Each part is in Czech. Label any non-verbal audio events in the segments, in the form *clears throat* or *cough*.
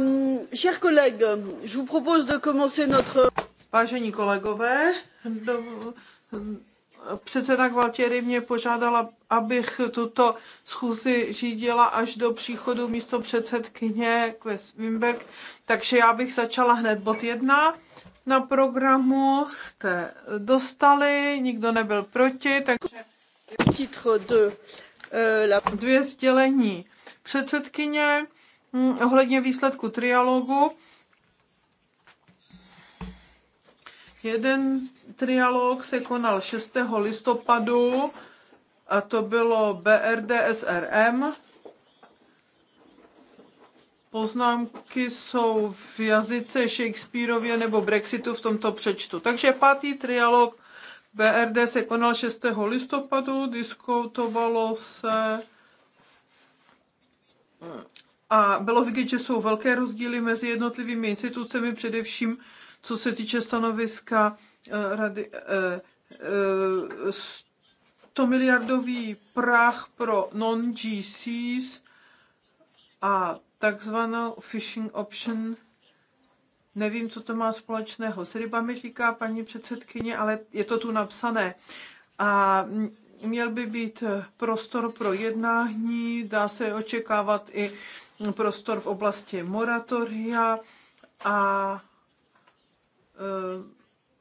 Euh, chers collègues, je vous propose de commencer notre... Vážení kolegové, do, předseda Gualtieri mě požádala, abych tuto schůzi řídila až do příchodu místo předsedkyně Kves Wimberg, takže já bych začala hned bod jedna. Na programu jste dostali, nikdo nebyl proti, takže... Euh, Dvě sdělení. Předsedkyně Mm, ohledně výsledku trialogu. Jeden trialog se konal 6. listopadu a to bylo BRDSRM. Poznámky jsou v jazyce Shakespeareově nebo Brexitu v tomto přečtu. Takže pátý trialog BRD se konal 6. listopadu, diskutovalo se a bylo vidět, že jsou velké rozdíly mezi jednotlivými institucemi, především co se týče stanoviska eh, rady, 100 eh, eh, miliardový prach pro non-GCs a takzvanou fishing option. Nevím, co to má společného s rybami, říká paní předsedkyně, ale je to tu napsané. A měl by být prostor pro jednání, dá se očekávat i prostor v oblasti moratoria a e,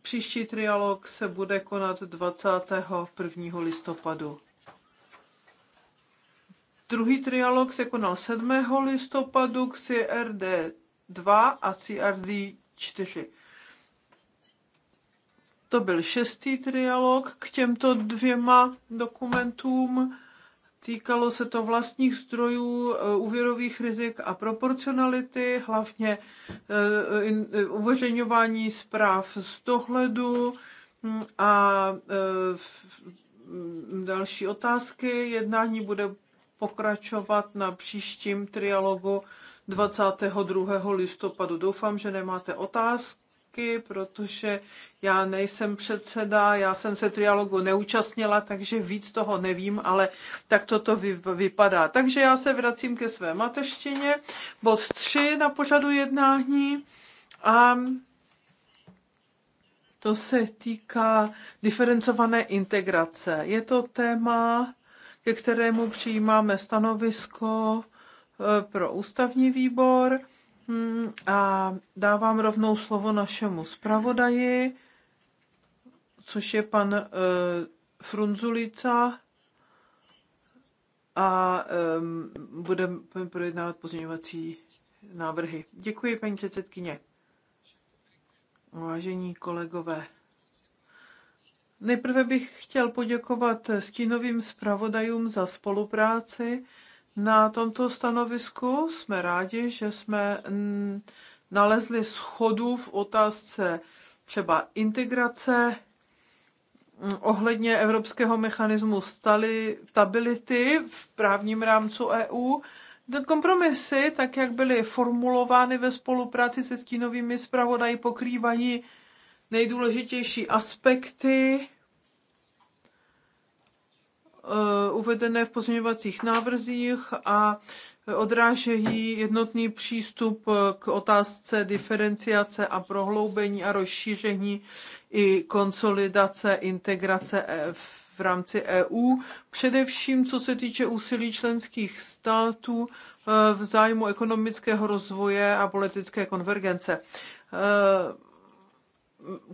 příští trialog se bude konat 21. listopadu. Druhý trialog se konal 7. listopadu k CRD 2 a CRD 4. To byl šestý trialog k těmto dvěma dokumentům Týkalo se to vlastních zdrojů, eh, úvěrových rizik a proporcionality, hlavně eh, eh, uveřejňování zpráv z dohledu hm, a hm, další otázky. Jednání bude pokračovat na příštím trialogu 22. listopadu. Doufám, že nemáte otázky výsledky, protože já nejsem předseda, já jsem se trialogu neúčastnila, takže víc toho nevím, ale tak toto vy, vypadá. Takže já se vracím ke své mateštině, bod 3 na pořadu jednání a to se týká diferencované integrace. Je to téma, ke kterému přijímáme stanovisko eh, pro ústavní výbor. Hmm, a dávám rovnou slovo našemu zpravodaji, což je pan uh, Frunzulica a um, ehm, budeme projednávat pozměňovací návrhy. Děkuji, paní předsedkyně. Vážení kolegové, nejprve bych chtěl poděkovat stínovým zpravodajům za spolupráci na tomto stanovisku. Jsme rádi, že jsme nalezli schodu v otázce třeba integrace ohledně evropského mechanismu stability v právním rámcu EU. Kompromisy, tak jak byly formulovány ve spolupráci se stínovými zpravodaji, pokrývají nejdůležitější aspekty Eh, uvedené v pozměňovacích návrzích a odrážejí jednotný přístup k otázce diferenciace a prohloubení a rozšíření i konsolidace integrace eh, v rámci EU, především co se týče úsilí členských států eh, v zájmu ekonomického rozvoje a politické konvergence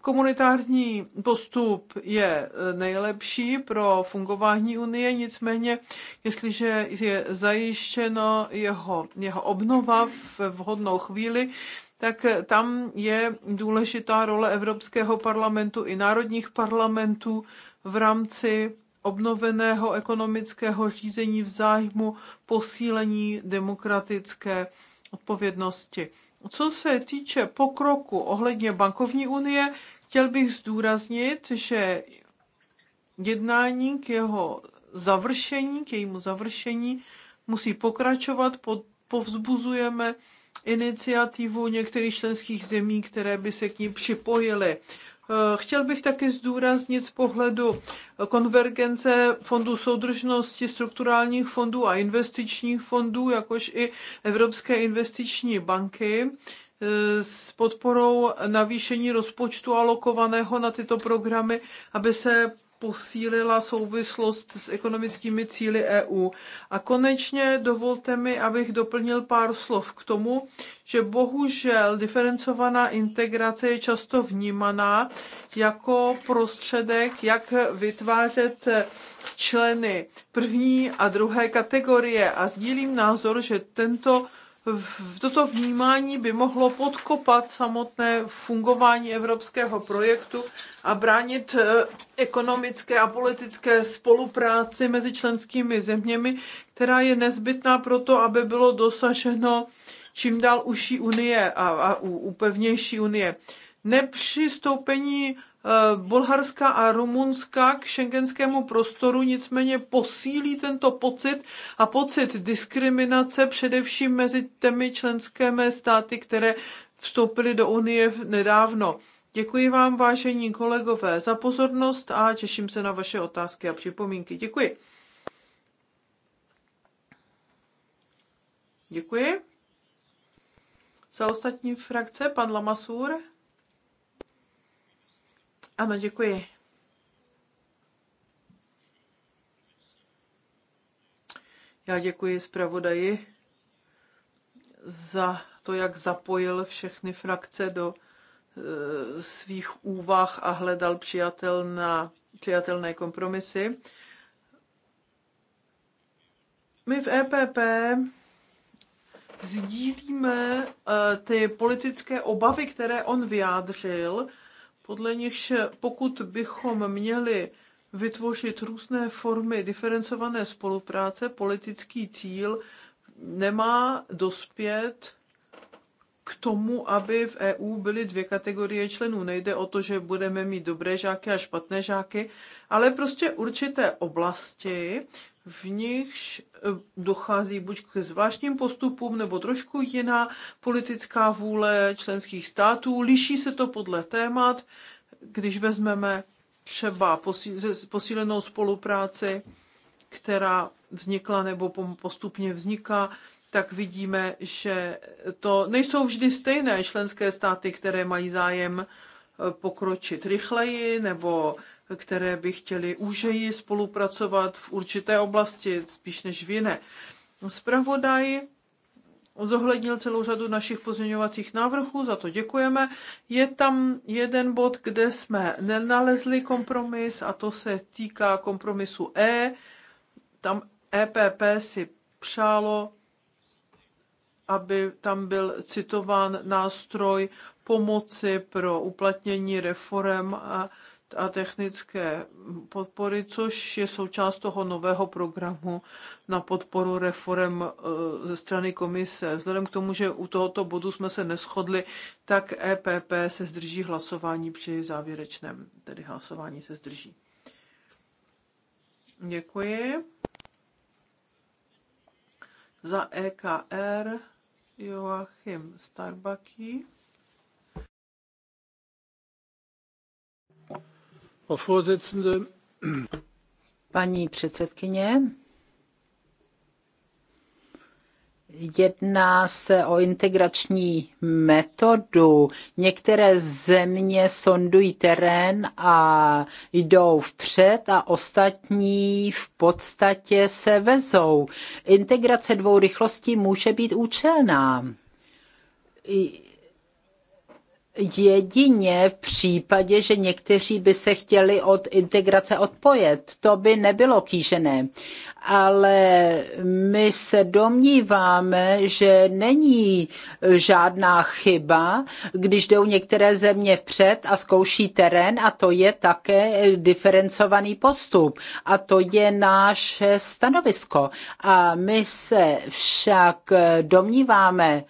komunitární postup je eh, nejlepší pro fungování Unie, nicméně jestliže je zajištěno jeho, jeho obnova v vhodnou chvíli, tak eh, tam je důležitá role Evropského parlamentu i národních parlamentů v rámci obnoveného ekonomického řízení v zájmu posílení demokratické odpovědnosti. Co se týče pokroku ohledně bankovní unie, chtěl bych zdůraznit, že jednání k jeho završení, k jejímu završení musí pokračovat, pod, povzbuzujeme iniciativu některých členských zemí, které by se k ní připojily. Eh, chtěl bych taky zdůraznit z pohledu eh, konvergence fondů soudržnosti, strukturálních fondů a investičních fondů, jakož i Evropské investiční banky, eh, s podporou navýšení rozpočtu alokovaného na tyto programy, aby se posílila souvislost s ekonomickými cíly EU. A konečně dovolte mi, abych doplnil pár slov k tomu, že bohužel diferencovaná integrace je často vnímaná jako prostředek, jak vytvářet členy první a druhé kategorie. A sdílím názor, že tento toto vnímání by mohlo podkopat samotné fungování evropského projektu a bránit eh, ekonomické a politické spolupráci mezi členskými zeměmi, která je nezbytná pro to, aby bylo dosaženo čím dál užší unie a, a upevnější unie. Nepřistoupení Eh, Bulharska a Rumunska k šengenskému prostoru, nicméně posílí tento pocit a pocit diskriminace především mezi těmi členskými státy, které vstoupily do Unie nedávno. Děkuji vám, vážení kolegové, za pozornost a těším se na vaše otázky a připomínky. Děkuji. Děkuji. Za ostatní frakce pan Lamasur. Ano, děkuji. Já děkuji zpravodaji za to, jak zapojil všechny frakce do e, svých úvah a hledal přijatelná, přijatelné kompromisy. My v EPP sdílíme e, ty politické obavy, které on vyjádřil, podle nichž pokud bychom měli vytvořit různé formy diferencované spolupráce, politický cíl nemá dospět k tomu, aby v EU byly dvě kategorie členů. Nejde o to, že budeme mít dobré žáky a špatné žáky, ale prostě určité oblasti, v nichž e, dochází buď k zvláštním postupům nebo trošku jiná politická vůle členských států. Liší se to podle témat, když vezmeme třeba posílenou spolupráci, která vznikla nebo postupně vzniká, tak vidíme, že to nejsou vždy stejné členské státy, které mají zájem e, pokročit rychleji nebo které by chtěly úžeji spolupracovat v určité oblasti, spíš než v jiné. Spravodaj zohlednil celou řadu našich pozměňovacích návrhů, za to děkujeme. Je tam jeden bod, kde jsme nenalezli kompromis a to se týká kompromisu E. Tam EPP si přálo, aby tam byl citován nástroj pomoci pro uplatnění reform a, a technické podpory, což je součást toho nového programu na podporu reform e, ze strany komise. Vzhledem k tomu, že u tohoto bodu jsme se neschodli, tak EPP se zdrží hlasování při závěrečném, tedy hlasování se zdrží. Děkuji. Za EKR Joachim Starbaki. Paní předsedkyně, Jedná se o integrační metodu. Některé země sondují terén a jdou vpřed a ostatní v podstatě se vezou. Integrace dvou rychlostí může být účelná. Jedině v případě, že někteří by se chtěli od integrace odpojet, to by nebylo kýžené. Ale my se domníváme, že není žádná chyba, když jdou některé země vpřed a zkouší terén a to je také diferencovaný postup. A to je náš stanovisko. A my se však domníváme,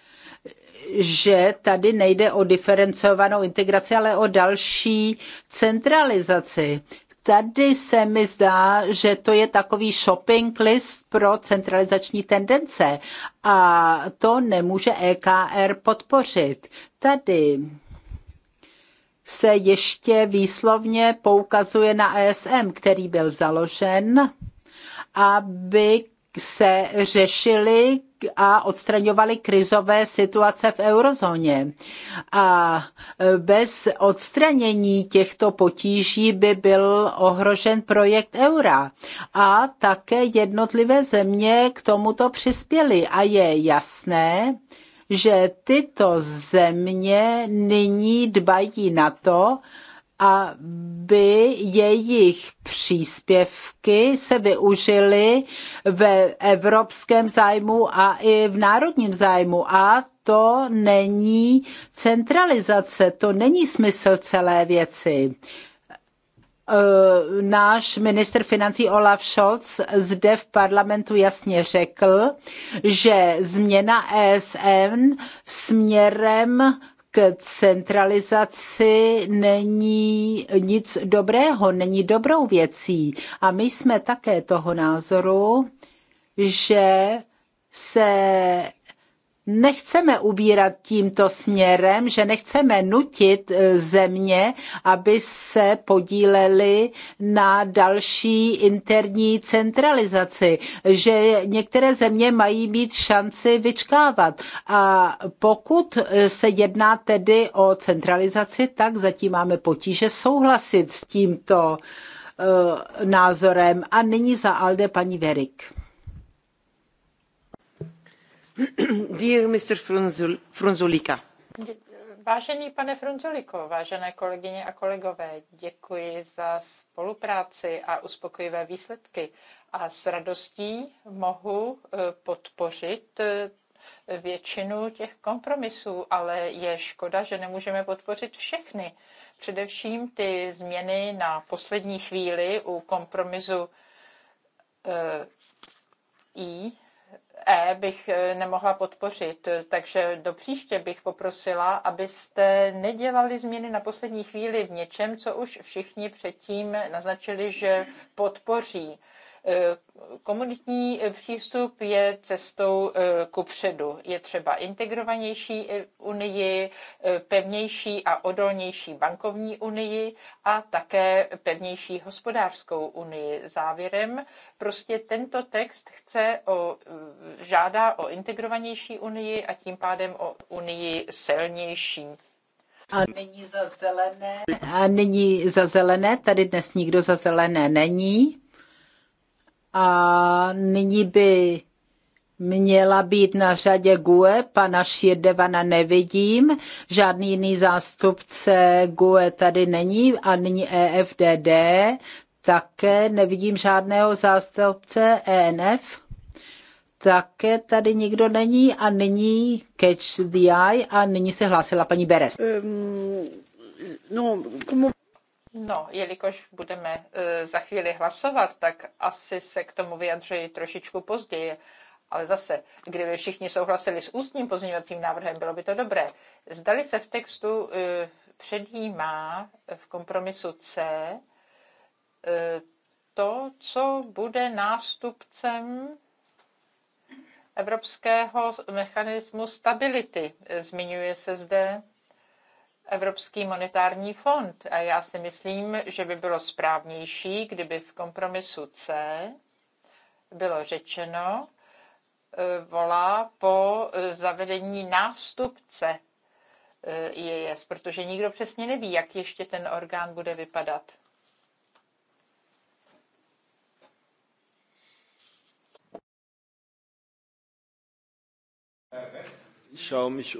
že tady nejde o diferencovanou integraci, ale o další centralizaci. Tady se mi zdá, že to je takový shopping list pro centralizační tendence a to nemůže EKR podpořit. Tady se ještě výslovně poukazuje na ESM, který byl založen, aby se řešily a odstraňovali krizové situace v eurozóně. A e, bez odstranění těchto potíží by byl ohrožen projekt eura. A také jednotlivé země k tomuto přispěly. A je jasné, že tyto země nyní dbají na to, aby jejich příspěvky se využily ve evropském zájmu a i v národním zájmu. A to není centralizace, to není smysl celé věci e, náš ministr financí Olaf Scholz zde v parlamentu jasně řekl, že změna ESM směrem k centralizaci není nic dobrého, není dobrou věcí. A my jsme také toho názoru, že se nechceme ubírat tímto směrem, že nechceme nutit e, země, aby se podílely na další interní centralizaci, že některé země mají mít šanci vyčkávat. A pokud e, se jedná tedy o centralizaci, tak zatím máme potíže souhlasit s tímto e, názorem. A nyní za Alde paní Verik. *clears throat* Vážený pane Frunzuliko, vážené kolegyně a kolegové, děkuji za spolupráci a uspokojivé výsledky a s radostí mohu e, podpořit e, většinu těch kompromisů, ale je škoda, že nemůžeme podpořit všechny. Především ty změny na poslední chvíli u kompromisu e, I E bych e, nemohla podpořit, takže do příště bych poprosila, abyste nedělali změny na poslední chvíli v něčem, co už všichni předtím naznačili, že podpoří. Eh, komunitní eh, přístup je cestou eh, ku předu. Je třeba integrovanější unii, pevnější a odolnější bankovní unii a také pevnější hospodářskou unii. Závěrem prostě tento text chce o, žádá o integrovanější unii a tím pádem o unii silnější. A není za zelené. A není za zelené, tady dnes nikdo za zelené není. A nyní by měla být na řadě GUE, pana Širdevana nevidím, žádný jiný zástupce GUE tady není a nyní EFDD, také nevidím žádného zástupce ENF, také tady nikdo není a nyní Catch the Eye a nyní se hlásila paní Beres. Um, no, komu... No, jelikož budeme e, za chvíli hlasovat, tak asi se k tomu vyjadřuji trošičku později. Ale zase, kdyby všichni souhlasili s ústním pozměňovacím návrhem, bylo by to dobré. Zdali se v textu e, předjímá v kompromisu C e, to, co bude nástupcem Evropského mechanismu stability. Zmiňuje se zde Evropský monetární fond. A já si myslím, že by bylo správnější, kdyby v kompromisu C bylo řečeno, e, volá po e, zavedení nástupce IES, protože nikdo přesně neví, jak ještě ten orgán bude vypadat.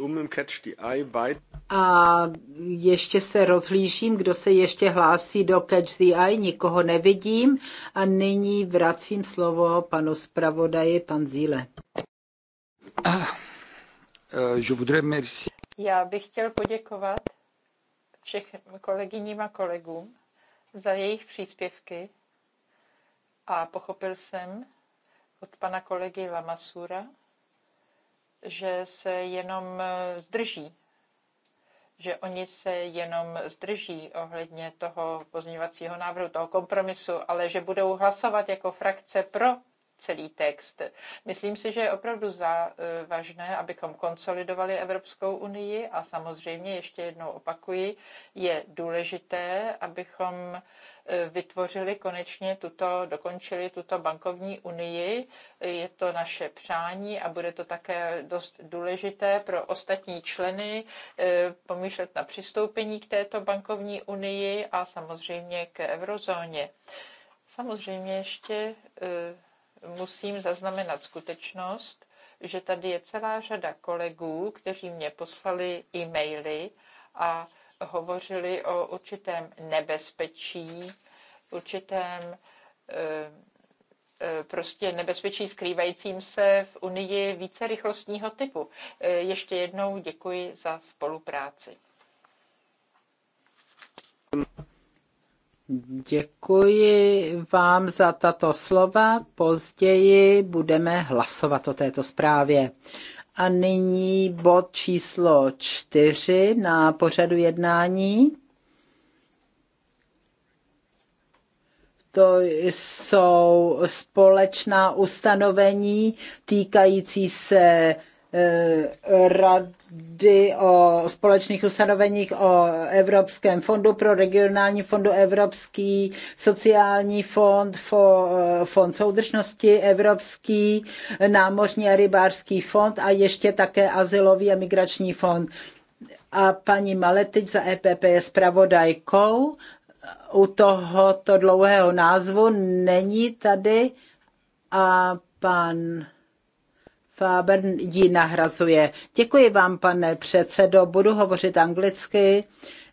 Um a ještě se rozhlížím, kdo se ještě hlásí do Catch the Eye, nikoho nevidím. A nyní vracím slovo panu zpravodaji, pan Zíle. Ah, eh, Já bych chtěl poděkovat všech kolegyním a kolegům za jejich příspěvky a pochopil jsem od pana kolegy Lamasura, že se jenom eh, zdrží že oni se jenom zdrží ohledně toho pozměňovacího návrhu, toho kompromisu, ale že budou hlasovat jako frakce pro celý text. Myslím si, že je opravdu závažné, eh, abychom konsolidovali Evropskou unii a samozřejmě ještě jednou opakuji, je důležité, abychom vytvořili konečně tuto, dokončili tuto bankovní unii. Je to naše přání a bude to také dost důležité pro ostatní členy eh, pomýšlet na přistoupení k této bankovní unii a samozřejmě k eurozóně. Samozřejmě ještě eh, musím zaznamenat skutečnost, že tady je celá řada kolegů, kteří mě poslali e-maily a hovořili o určitém nebezpečí, určitém eh, eh, prostě nebezpečí skrývajícím se v Unii více rychlostního typu. Eh, ještě jednou děkuji za spolupráci. Děkuji vám za tato slova. Později budeme hlasovat o této zprávě. A nyní bod číslo čtyři na pořadu jednání. to jsou společná ustanovení týkající se Eh, rady o společných ustanoveních o Evropském fondu pro regionální fondu Evropský sociální fond, eh, fond soudržnosti Evropský námořní a rybářský fond a ještě také asilový a migrační fond. A paní Maletič za EPP je zpravodajkou u tohoto dlouhého názvu. Není tady a pan Faber ji nahrazuje. Děkuji vám, pane předsedo, budu hovořit anglicky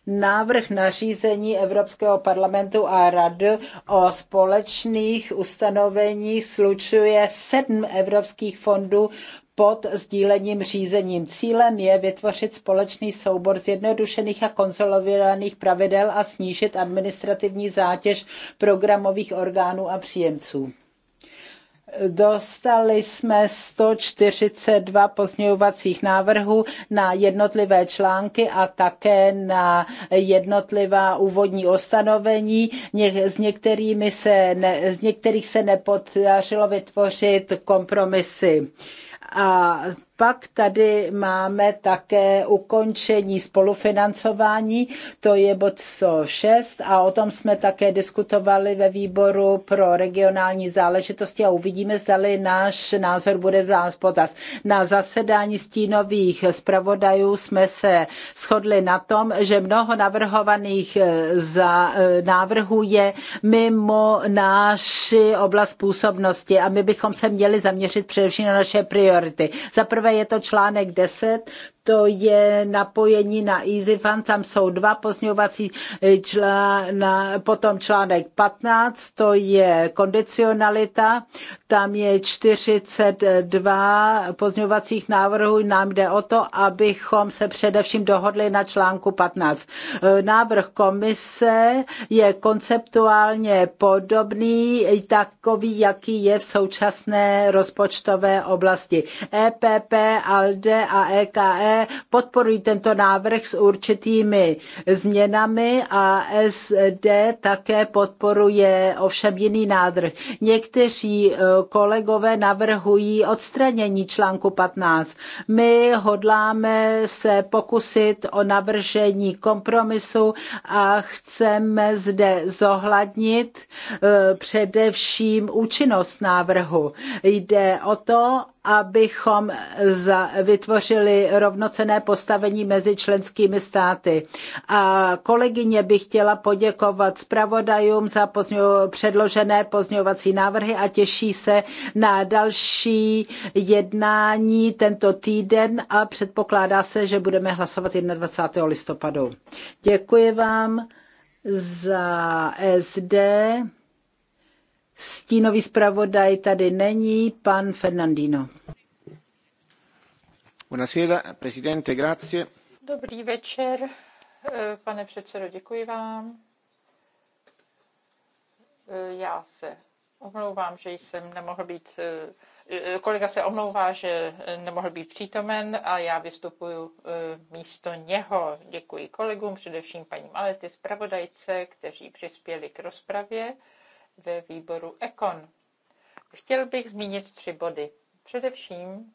návrh nařízení Evropského parlamentu a rady o společných ustanoveních slučuje sedm evropských fondů pod sdílením řízením. Cílem je vytvořit společný soubor zjednodušených a konsolidovaných pravidel a snížit administrativní zátěž programových orgánů a příjemců. Dostali jsme 142 pozměňovacích návrhů na jednotlivé články a také na jednotlivá úvodní ustanovení. S, některými se ne, z některých se nepodařilo vytvořit kompromisy. A pak tady máme také ukončení spolufinancování, to je bod 106 a o tom jsme také diskutovali ve výboru pro regionální záležitosti a uvidíme, zdali náš názor bude v potaz. Na zasedání stínových zpravodajů jsme se shodli na tom, že mnoho navrhovaných eh, za, eh, návrhů je mimo náši oblast působnosti a my bychom se měli zaměřit především na naše priority. Za prvé je to článek 10, to je napojení na Easy Fund, tam jsou dva pozměňovací eh, člána, potom článek 15, to je kondicionalita, tam je 42 pozměňovacích návrhů, nám jde o to, abychom se především dohodli na článku 15. Eh, návrh komise je konceptuálně podobný, takový, jaký je v současné rozpočtové oblasti. EPP, ALDE a EKR e podporují tento návrh s určitými změnami a SD také podporuje ovšem jiný návrh. Někteří eh, kolegové navrhují odstranění článku 15. My hodláme se pokusit o navržení kompromisu a chceme zde zohlednit eh, především účinnost návrhu. Jde o to, abychom vytvořili rovnocené postavení mezi členskými státy. A kolegyně bych chtěla poděkovat zpravodajům za předložené pozňovací návrhy a těší se na další jednání tento týden a předpokládá se, že budeme hlasovat 21. listopadu. Děkuji vám za SD. Stínový zpravodaj tady není, pan Fernandino. Buonasera, presidente, grazie. Dobrý večer, eh, pane předsedo, děkuji vám. Eh, já se omlouvám, že jsem nemohl být, eh, kolega se omlouvá, že nemohl být přítomen a já vystupuji místo něho. Děkuji kolegům, především paní Malety, zpravodajce, kteří přispěli k rozpravě ve výboru Ekon. Chtěl bych zmínit tři body. Především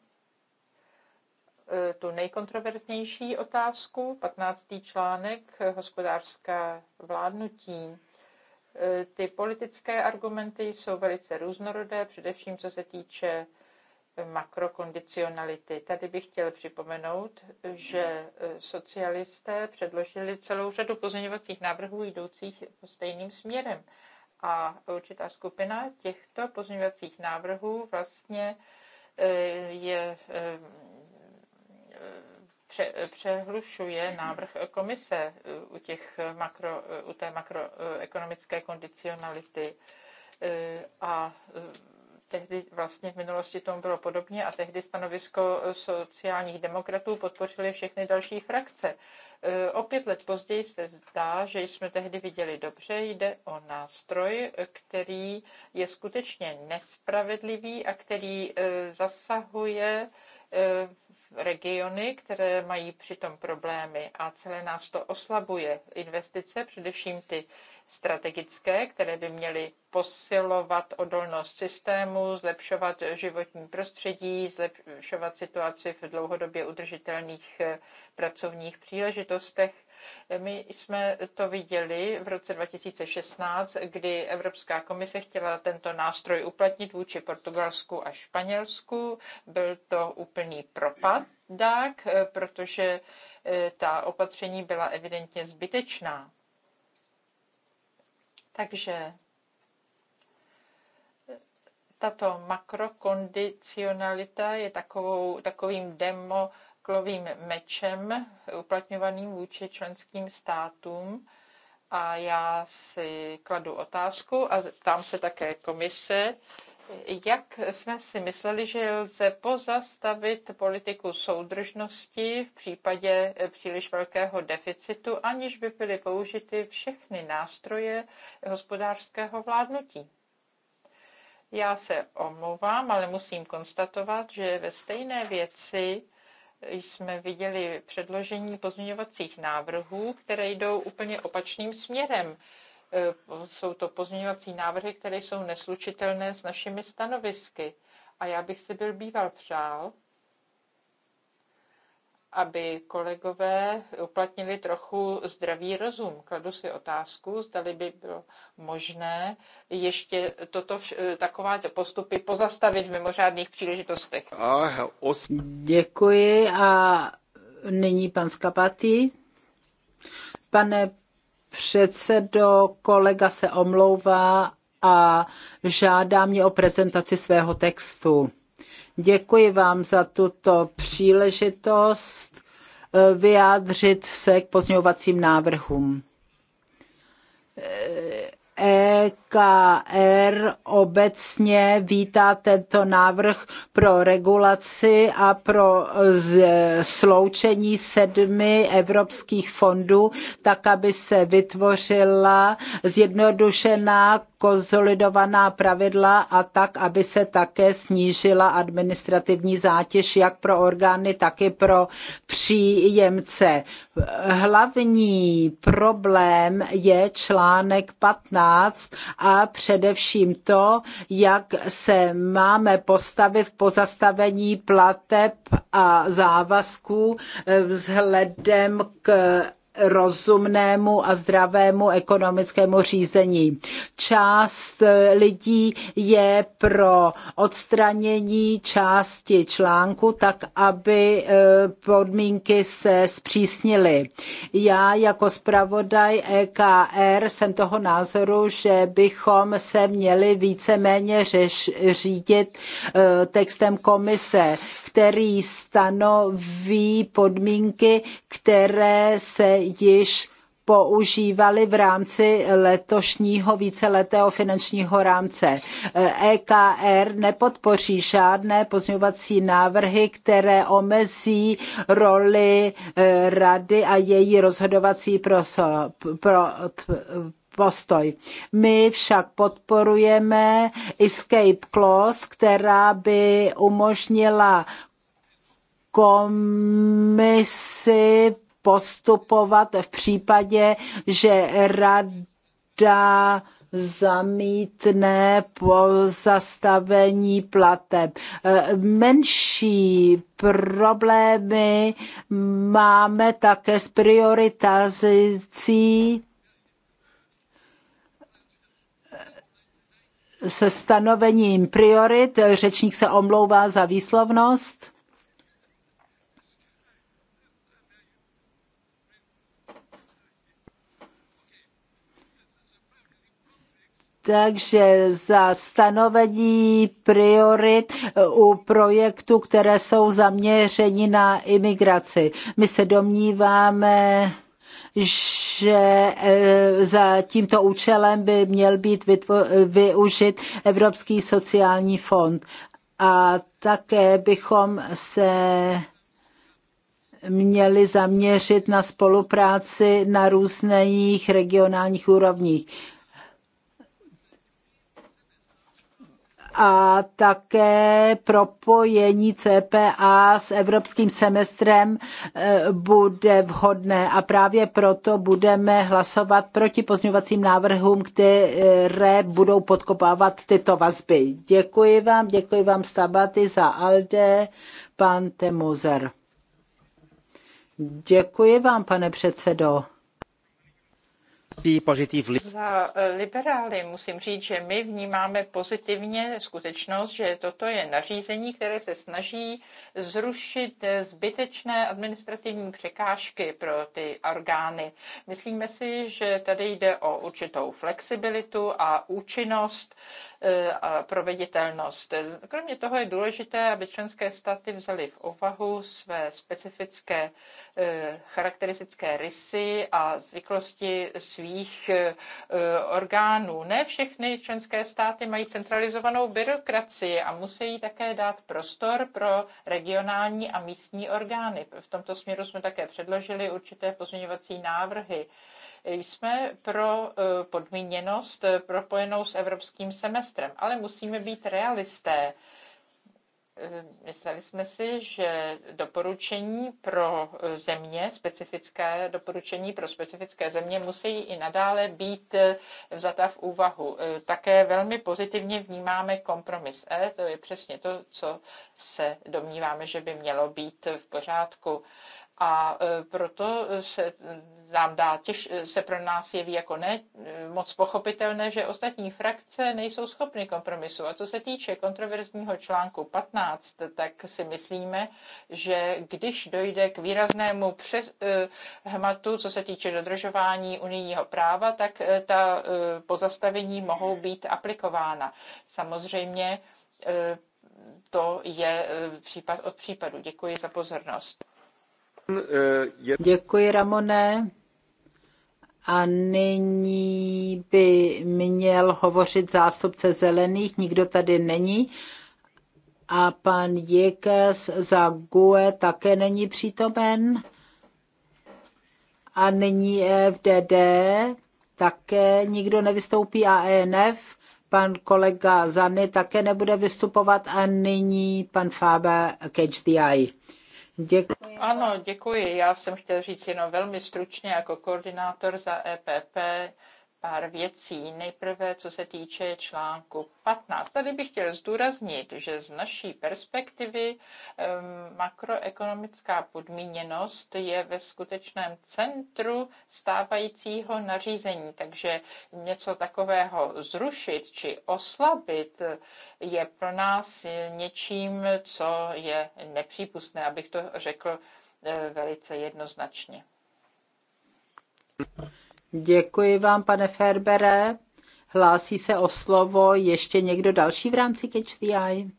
e, tu nejkontroverznější otázku, 15. článek, hospodářská vládnutí. E, ty politické argumenty jsou velice různorodé, především co se týče makrokondicionality. Tady bych chtěl připomenout, že e, socialisté předložili celou řadu pozměňovacích návrhů jdoucích stejným směrem a určitá skupina těchto pozměňovacích návrhů vlastně eh, je eh, pře, přehlušuje návrh komise u, těch makro, u té makroekonomické kondicionality eh, a tehdy vlastně v minulosti tomu bylo podobně a tehdy stanovisko sociálních demokratů podpořili všechny další frakce. E, o pět let později se zdá, že jsme tehdy viděli dobře, jde o nástroj, který je skutečně nespravedlivý a který e, zasahuje e, regiony, které mají přitom problémy a celé nás to oslabuje. Investice, především ty strategické, které by měly posilovat odolnost systému, zlepšovat životní prostředí, zlepšovat situaci v dlouhodobě udržitelných eh, pracovních příležitostech. My jsme to viděli v roce 2016, kdy Evropská komise chtěla tento nástroj uplatnit vůči Portugalsku a Španělsku. Byl to úplný propad eh, protože eh, ta opatření byla evidentně zbytečná. Takže eh, tato makrokondicionalita je takovou, takovým demoklovým mečem uplatňovaným vůči členským státům. A já si kladu otázku a ptám se také komise, jak jsme si mysleli, že lze pozastavit politiku soudržnosti v případě příliš velkého deficitu, aniž by byly použity všechny nástroje hospodářského vládnutí. Já se omlouvám, ale musím konstatovat, že ve stejné věci jsme viděli předložení pozměňovacích návrhů, které jdou úplně opačným směrem. Eh, jsou to pozměňovací návrhy, které jsou neslučitelné s našimi stanovisky. A já bych si byl býval přál, aby kolegové uplatnili trochu zdravý rozum. Kladu si otázku, zdali by bylo možné ještě toto, eh, takováto postupy pozastavit v mimořádných příležitostech. Děkuji a nyní pan Skapaty. Pane předsedo, kolega se omlouvá a žádá mě o prezentaci svého textu. Děkuji vám za tuto příležitost eh, vyjádřit se k pozměňovacím návrhům. E KR obecně vítá tento návrh pro regulaci a pro sloučení sedmi evropských fondů, tak aby se vytvořila zjednodušená konsolidovaná pravidla a tak, aby se také snížila administrativní zátěž jak pro orgány, tak i pro příjemce. Hlavní problém je článek 15 a především to, jak se máme postavit k pozastavení plateb a závazků eh, vzhledem k rozumnému a zdravému ekonomickému řízení. Část lidí je pro odstranění části článku tak, aby e, podmínky se zpřísnily. Já jako zpravodaj EKR jsem toho názoru, že bychom se měli víceméně řeš, řídit e, textem komise, který stanoví podmínky, které se již používali v rámci letošního víceletého finančního rámce. EKR nepodpoří žádné pozměňovací návrhy, které omezí roli e, rady a její rozhodovací proso, pro, postoj. My však podporujeme escape clause, která by umožnila komisi postupovat v případě, že rada zamítne pozastavení plateb. Menší problémy máme také s prioritizací se stanovením priorit. Řečník se omlouvá za výslovnost. takže za stanovení priorit eh, u projektů, které jsou zaměřeni na imigraci. My se domníváme, že eh, za tímto účelem by měl být využit Evropský sociální fond. A také bychom se měli zaměřit na spolupráci na různých regionálních úrovních a také propojení CPA s evropským semestrem eh, bude vhodné a právě proto budeme hlasovat proti pozňovacím návrhům, které budou podkopávat tyto vazby. Děkuji vám, děkuji vám Stabaty za Alde, pan Temuzer. Děkuji vám, pane předsedo. Za eh, liberály musím říct, že my vnímáme pozitivně skutečnost, že toto je nařízení, které se snaží zrušit eh, zbytečné administrativní překážky pro ty orgány. Myslíme si, že tady jde o určitou flexibilitu a účinnost E, a proveditelnost. Kromě toho je důležité, aby členské státy vzaly v úvahu své specifické e, charakteristické rysy a zvyklosti svých e, orgánů. Ne všechny členské státy mají centralizovanou byrokracii a musí také dát prostor pro regionální a místní orgány. V tomto směru jsme také předložili určité pozměňovací návrhy. Jsme pro eh, podmíněnost eh, propojenou s evropským semestrem, ale musíme být realisté. Eh, mysleli jsme si, že doporučení pro země, specifické doporučení pro specifické země musí i nadále být vzata v úvahu. Také velmi pozitivně vnímáme kompromis E, to je přesně to, co se domníváme, že by mělo být v pořádku a e, proto se e, nám dá těž, e, se pro nás jeví jako ne moc pochopitelné, že ostatní frakce nejsou schopny kompromisu. A co se týče kontroverzního článku 15, tak si myslíme, že když dojde k výraznému hmatu, co se týče dodržování unijního práva, tak ta pozastavení mohou být aplikována. Samozřejmě to je případ od případu. Děkuji za pozornost. Děkuji, Ramone. A nyní by měl hovořit zástupce zelených, nikdo tady není. A pan Jekes za GUE také není přítomen. A nyní FDD, také nikdo nevystoupí a ENF. Pan kolega Zany také nebude vystupovat a nyní pan Fábe Catch the Eye. Děkuji. Ano, děkuji. Já jsem chtěl říct jenom velmi stručně jako koordinátor za EPP pár věcí. Nejprve, co se týče článku 15. Tady bych chtěl zdůraznit, že z naší perspektivy makroekonomická podmíněnost je ve skutečném centru stávajícího nařízení, takže něco takového zrušit či oslabit je pro nás něčím, co je nepřípustné, abych to řekl eh, velice jednoznačně. Děkuji vám, pane Ferbere. Hlásí se o slovo ještě někdo další v rámci Catch the Eye?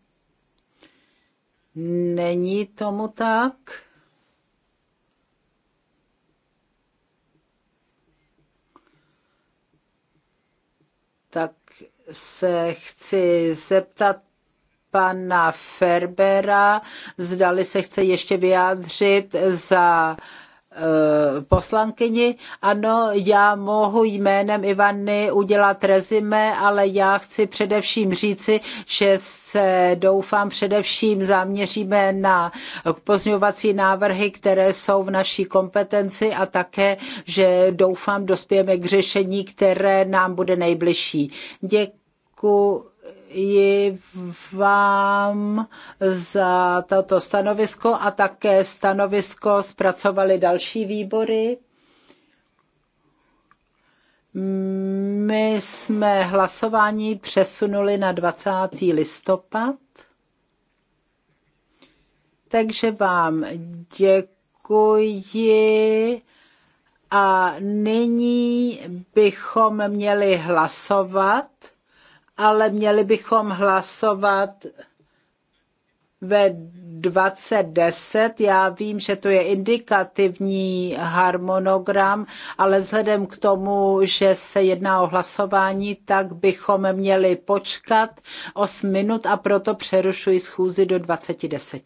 Není tomu tak. Tak se chci zeptat pana Ferbera, zdali se chce ještě vyjádřit za uh, Eh, poslankyni. Ano, já mohu jménem Ivany udělat rezime, ale já chci především říci, že se doufám především zaměříme na pozňovací návrhy, které jsou v naší kompetenci a také, že doufám dospějeme k řešení, které nám bude nejbližší. Děkuji děkuji vám za toto stanovisko a také stanovisko zpracovali další výbory. My jsme hlasování přesunuli na 20. listopad, takže vám děkuji. A nyní bychom měli hlasovat ale měli bychom hlasovat ve 2010. Já vím, že to je indikativní harmonogram, ale vzhledem k tomu, že se jedná o hlasování, tak bychom měli počkat 8 minut a proto přerušuji schůzi do 2010.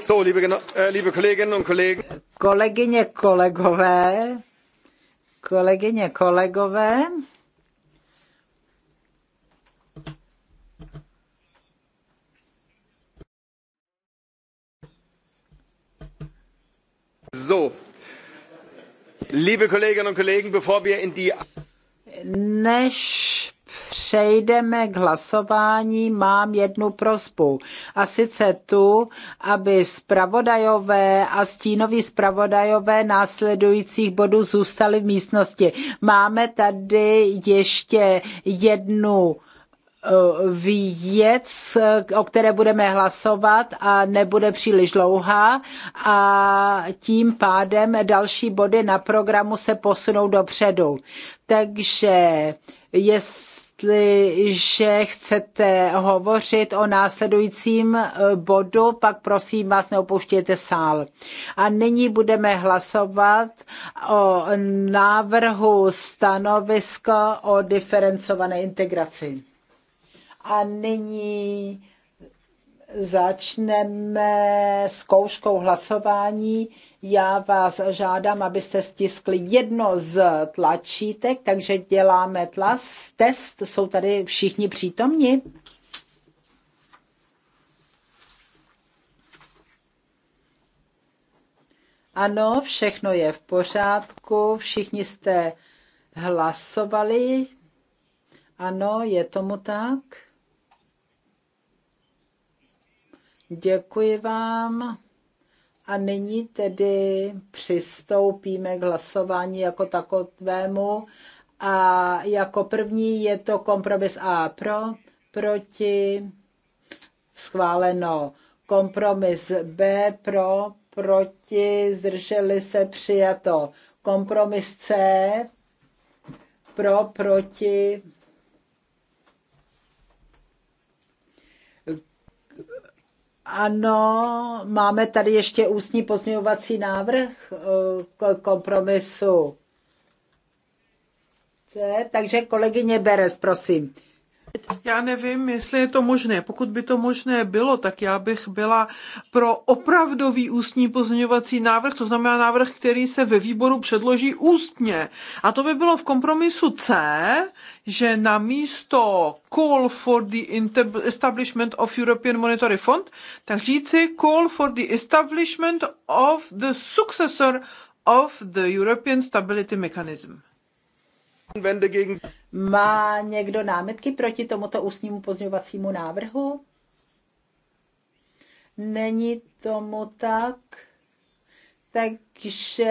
So, liebe, äh, liebe Kolleginnen und Kollegen. Kolegyně, kolegové, kolegyně, kolegové. So, liebe Kolleginnen und Kollegen, bevor wir in die... Než přejdeme k hlasování, mám jednu prosbu. A sice tu, aby zpravodajové a stínoví zpravodajové následujících bodů zůstali v místnosti. Máme tady ještě jednu eh, věc, o které budeme hlasovat a nebude příliš dlouhá a tím pádem další body na programu se posunou dopředu. Takže jest Jestliže chcete hovořit o následujícím eh, bodu, pak prosím vás neopouštějte sál. A nyní budeme hlasovat o návrhu stanoviska o diferencované integraci. A nyní začneme zkouškou hlasování. Já vás žádám, abyste stiskli jedno z tlačítek, takže děláme tlas, test. Jsou tady všichni přítomni? Ano, všechno je v pořádku, všichni jste hlasovali. Ano, je tomu tak. Děkuji vám. A nyní tedy přistoupíme k hlasování jako takovému. A jako první je to kompromis A pro, proti, schváleno. Kompromis B pro, proti, zdrželi se, přijato. Kompromis C pro, proti, Ano, máme tady ještě ústní pozměňovací návrh eh, k kompromisu. takže kolegyně Beres, prosím. Já nevím, jestli je to možné. Pokud by to možné bylo, tak já bych byla pro opravdový ústní pozměňovací návrh, to znamená návrh, který se ve výboru předloží ústně. A to by bylo v kompromisu C, že na místo call for the establishment of European Monetary Fund, tak říci call for the establishment of the successor of the European Stability Mechanism. Má někdo námitky proti tomuto ústnímu pozměňovacímu návrhu? Není tomu tak. Takže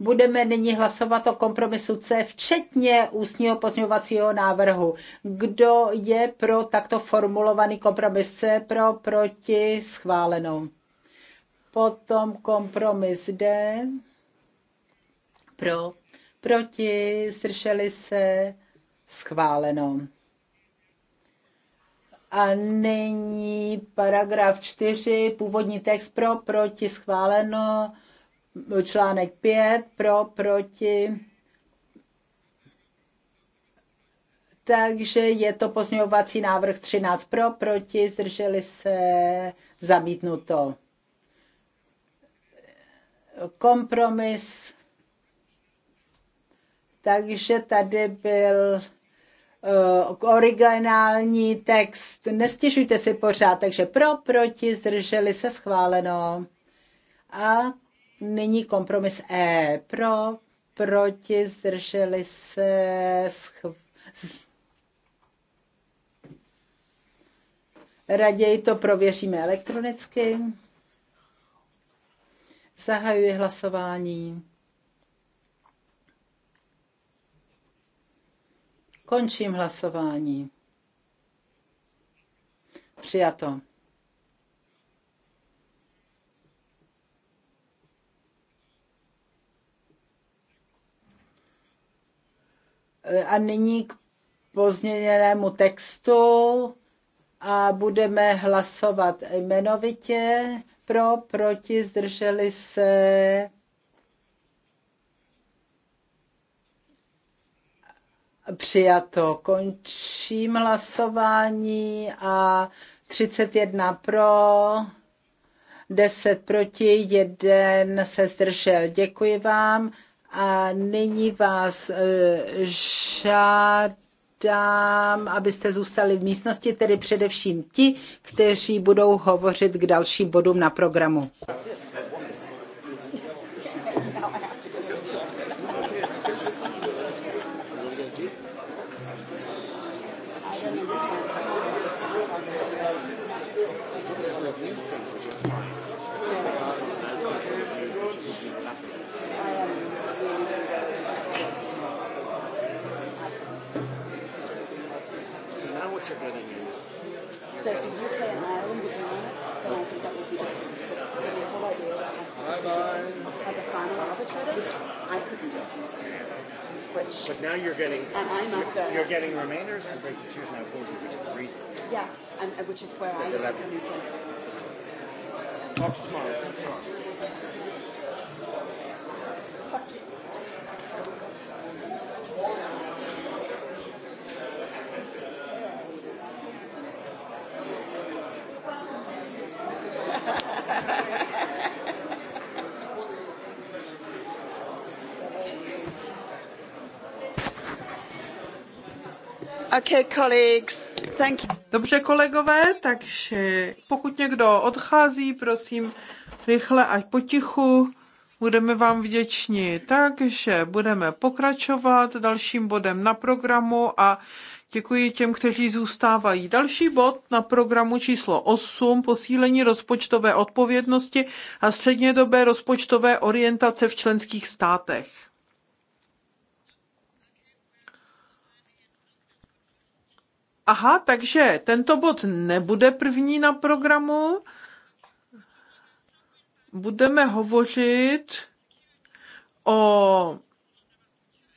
budeme nyní hlasovat o kompromisu C, včetně ústního pozměňovacího návrhu. Kdo je pro takto formulovaný kompromis C, pro, proti, schválenou. Potom kompromis D, pro, proti, zdrželi se, schváleno. A nyní paragraf 4, původní text pro, proti, schváleno, článek 5, pro, proti. Takže je to pozměňovací návrh 13 pro, proti, zdrželi se, zamítnuto. Kompromis takže tady byl uh, originální text. Nestěžujte si pořád, takže pro, proti, zdrželi se schváleno. A nyní kompromis E. Pro, proti, zdrželi se schváleno. Raději to prověříme elektronicky. Zahajuji hlasování. Končím hlasování. Přijato. E, a nyní k pozměněnému textu a budeme hlasovat jmenovitě pro, proti, zdrželi se, Přijato. Končím hlasování a 31 pro, 10 proti, 1 se zdržel. Děkuji vám a nyní vás e, žádám, abyste zůstali v místnosti, tedy především ti, kteří budou hovořit k dalším bodům na programu. which. But now you're getting. And I'm at the. You're getting remainders and the tears now opposing, which is the reason. Yeah, and uh, which is where so I'm coming from. Talk to tomorrow. Dobře, kolegové, takže pokud někdo odchází, prosím, rychle a potichu, budeme vám vděční. Takže budeme pokračovat dalším bodem na programu a děkuji těm, kteří zůstávají. Další bod na programu číslo 8, posílení rozpočtové odpovědnosti a střednědobé rozpočtové orientace v členských státech. Aha, takže tento bod nebude první na programu. Budeme hovořit o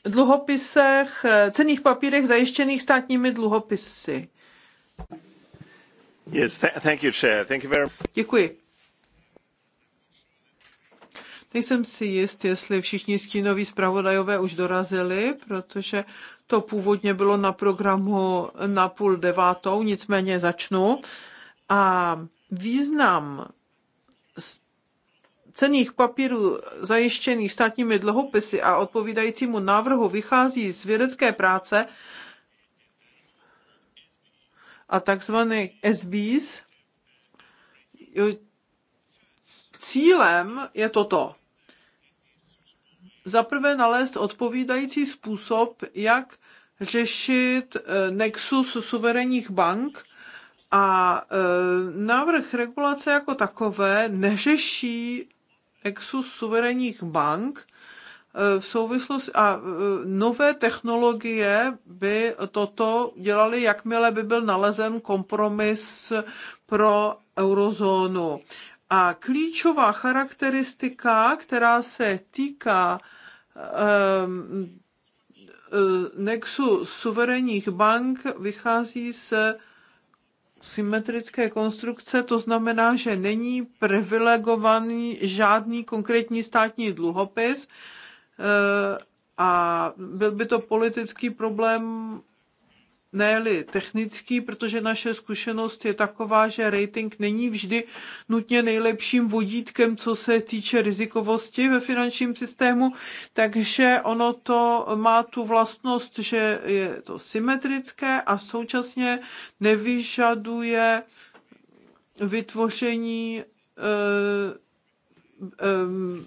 dluhopisech, cených papírech zajištěných státními dluhopisy. Yes, th- thank you, Chair. Thank you very much. Děkuji. Nejsem si jist, jestli všichni stínoví zpravodajové už dorazili, protože to původně bylo na programu na půl devátou, nicméně začnu. A význam cených papírů zajištěných státními dlhopisy a odpovídajícímu návrhu vychází z vědecké práce a takzvaných SBs. Cílem je toto zaprvé nalézt odpovídající způsob, jak řešit eh, nexus suverénních bank a eh, návrh regulace jako takové neřeší nexus suverénních bank eh, v souvislosti a nové technologie by toto dělaly, jakmile by byl nalezen kompromis pro eurozónu. A klíčová charakteristika, která se týká Ehm, eh, nexu suverénních bank vychází z symetrické konstrukce, to znamená, že není privilegovaný žádný konkrétní státní dluhopis eh, a byl by to politický problém ne technický, protože naše zkušenost je taková, že rating není vždy nutně nejlepším vodítkem, co se týče rizikovosti ve finančním systému, takže ono to má tu vlastnost, že je to symetrické a současně nevyžaduje vytvoření e, e,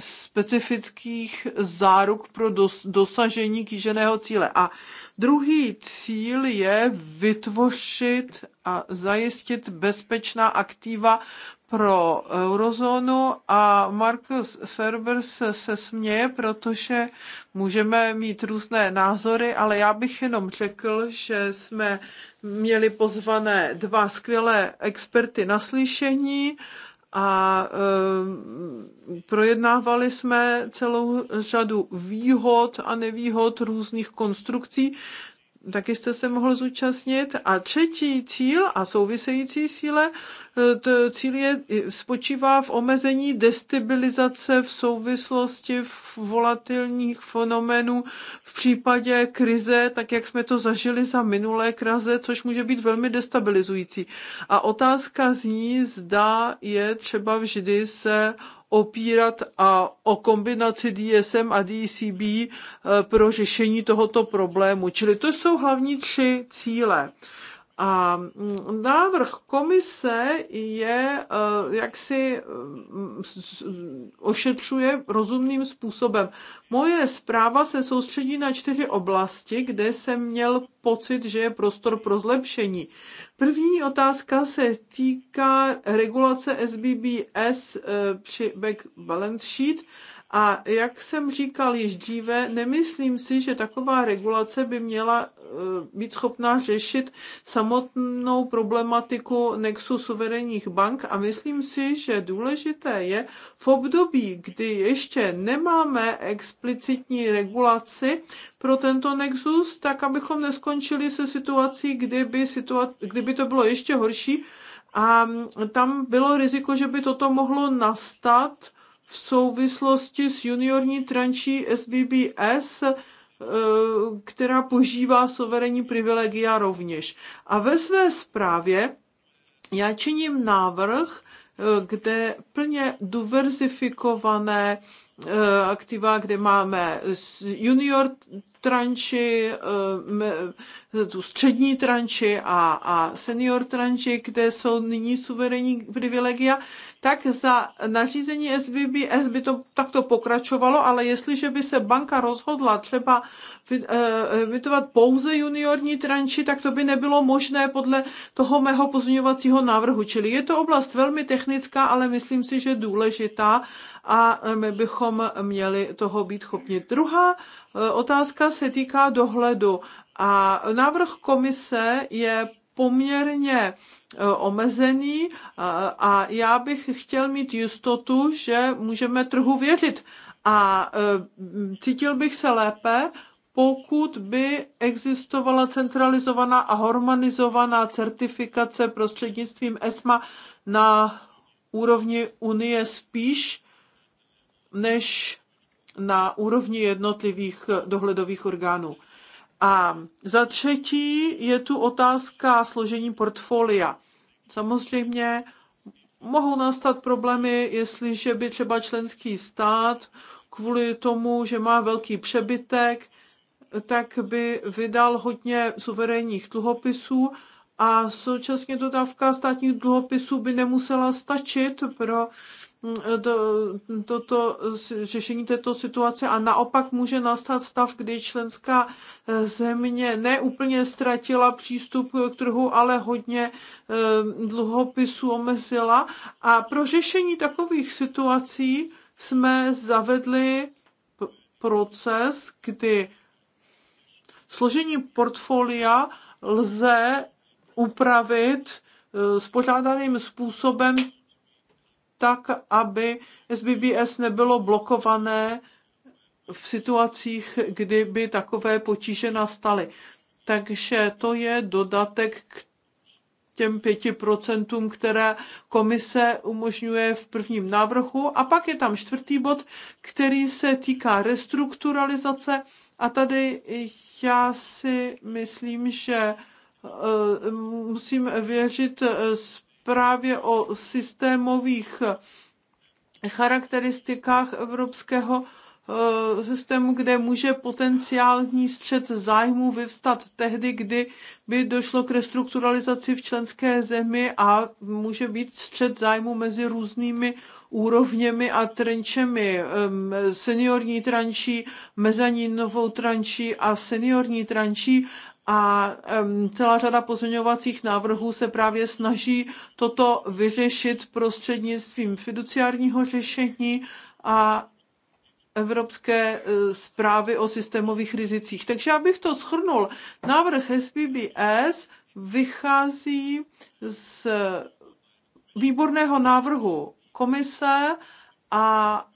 specifických záruk pro dos, dosažení kýženého cíle. A druhý cíl je vytvořit a zajistit bezpečná aktiva pro eurozónu a Markus Ferber se, se směje, protože můžeme mít různé názory, ale já bych jenom řekl, že jsme měli pozvané dva skvělé experty na slyšení a eh, projednávali jsme celou řadu výhod a nevýhod různých konstrukcí taky jste se mohl zúčastnit. A třetí cíl a související síle, e, to cíl je, spočívá v omezení destabilizace v souvislosti v volatilních fenomenů v případě krize, tak jak jsme to zažili za minulé krize, což může být velmi destabilizující. A otázka zní, zda je třeba vždy se opírat a o kombinaci DSM a DCB eh, pro řešení tohoto problému. Čili to jsou hlavní tři cíle. A mm, návrh komise je, eh, jak si mm, ošetřuje rozumným způsobem. Moje zpráva se soustředí na čtyři oblasti, kde jsem měl pocit, že je prostor pro zlepšení. První otázka se týká regulace SBBS eh, při back balance sheet a jak jsem říkal již dříve, nemyslím si, že taková regulace by měla e, být schopná řešit samotnou problematiku nexu suverénních bank a myslím si, že důležité je v období, kdy ještě nemáme explicitní regulaci pro tento nexus, tak abychom neskončili se situací, kdyby, situa- kdyby to bylo ještě horší a mm, tam bylo riziko, že by toto mohlo nastat, v souvislosti s juniorní tranší SBBS, eh, která požívá suverénní privilegia rovněž. A ve své zprávě já činím návrh, eh, kde plně diverzifikované eh, aktiva, kde máme junior tranči, eh, tu střední tranči a, a senior tranči, kde jsou nyní suverénní privilegia, tak za nařízení S by to takto pokračovalo, ale jestliže by se banka rozhodla třeba vytovat eh, pouze juniorní tranči, tak to by nebylo možné podle toho mého pozměňovacího návrhu. Čili je to oblast velmi technická, ale myslím si, že důležitá a my bychom měli toho být schopni. Druhá Eh, otázka se týká dohledu a návrh komise je poměrně eh, omezený eh, a já bych chtěl mít jistotu, že můžeme trhu věřit. A cítil bych se lépe, pokud by existovala centralizovaná a harmonizovaná certifikace prostřednictvím ESMA na úrovni Unie spíš než na úrovni jednotlivých dohledových orgánů. A za třetí je tu otázka složení portfolia. Samozřejmě mohou nastat problémy, jestliže by třeba členský stát kvůli tomu, že má velký přebytek, tak by vydal hodně suverénních dluhopisů a současně dodávka státních dluhopisů by nemusela stačit pro Mm, toto to, řešení této situace a naopak může nastat stav, kdy členská eh, země neúplně ztratila přístup k trhu, ale hodně eh, dluhopisů omezila. A pro řešení takových situací jsme zavedli proces, kdy složení portfolia lze upravit eh, spořádaným způsobem tak, aby SBBS nebylo blokované v situacích, kdy by takové potíže nastaly. Takže to je dodatek k těm pěti procentům, které komise umožňuje v prvním návrhu. A pak je tam čtvrtý bod, který se týká restrukturalizace. A tady já si myslím, že eh, musím věřit s právě o systémových eh, charakteristikách evropského eh, systému, kde může potenciální střed zájmu vyvstat tehdy, kdy by došlo k restrukturalizaci v členské zemi a může být střed zájmu mezi různými úrovněmi a trančemi, seniorní trančí, mezaninovou trančí a seniorní trančí a celá řada pozměňovacích návrhů se právě snaží toto vyřešit prostřednictvím fiduciárního řešení a Evropské e, zprávy o systémových rizicích. Takže abych to schrnul, návrh SBBS vychází z výborného návrhu komise a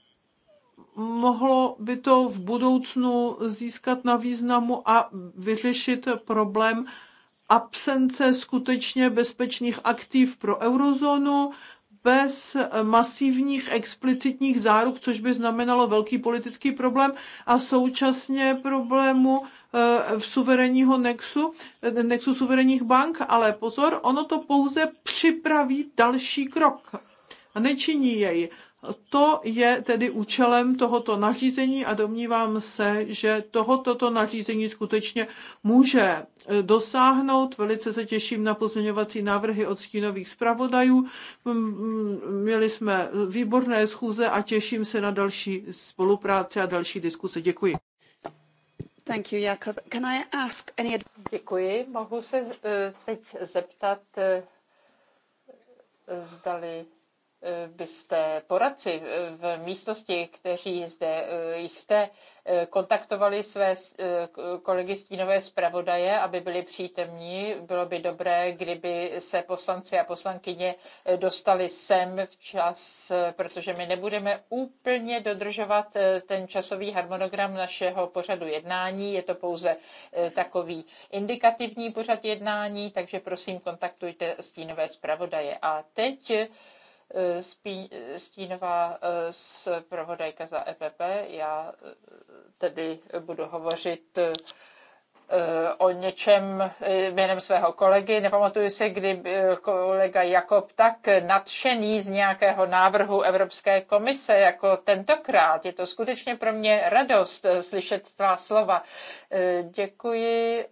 mohlo by to v budoucnu získat na významu a vyřešit problém absence skutečně bezpečných aktiv pro eurozónu bez masivních explicitních záruk, což by znamenalo velký politický problém a současně problému eh, v suverénního nexu, nexu suverénních bank, ale pozor, ono to pouze připraví další krok a nečiní jej. To je tedy účelem tohoto nařízení a domnívám se, že tohoto nařízení skutečně může eh, dosáhnout. Velice se těším na pozměňovací návrhy od stínových zpravodajů. Měli jsme výborné schůze a těším se na další spolupráci a další diskuse. Děkuji. Thank you, Jakob. Can I ask any... Děkuji. Mohu se eh, teď zeptat, eh, zdali Eh, byste poradci eh, v místnosti, kteří zde eh, jste, kontaktovali své kolegy stínové zpravodaje, aby byli přítomní. Bylo by dobré, kdyby se poslanci a poslankyně dostali sem včas, protože my nebudeme úplně dodržovat ten časový harmonogram našeho pořadu jednání. Je to pouze takový indikativní pořad jednání, takže prosím kontaktujte stínové zpravodaje. A teď Eh, spí, eh, stínová eh, zpravodajka za EPP. Já tedy budu hovořit o něčem jménem svého kolegy. Nepamatuju se, kdy byl kolega Jakob tak nadšený z nějakého návrhu Evropské komise jako tentokrát. Je to skutečně pro mě radost slyšet tvá slova. Děkuji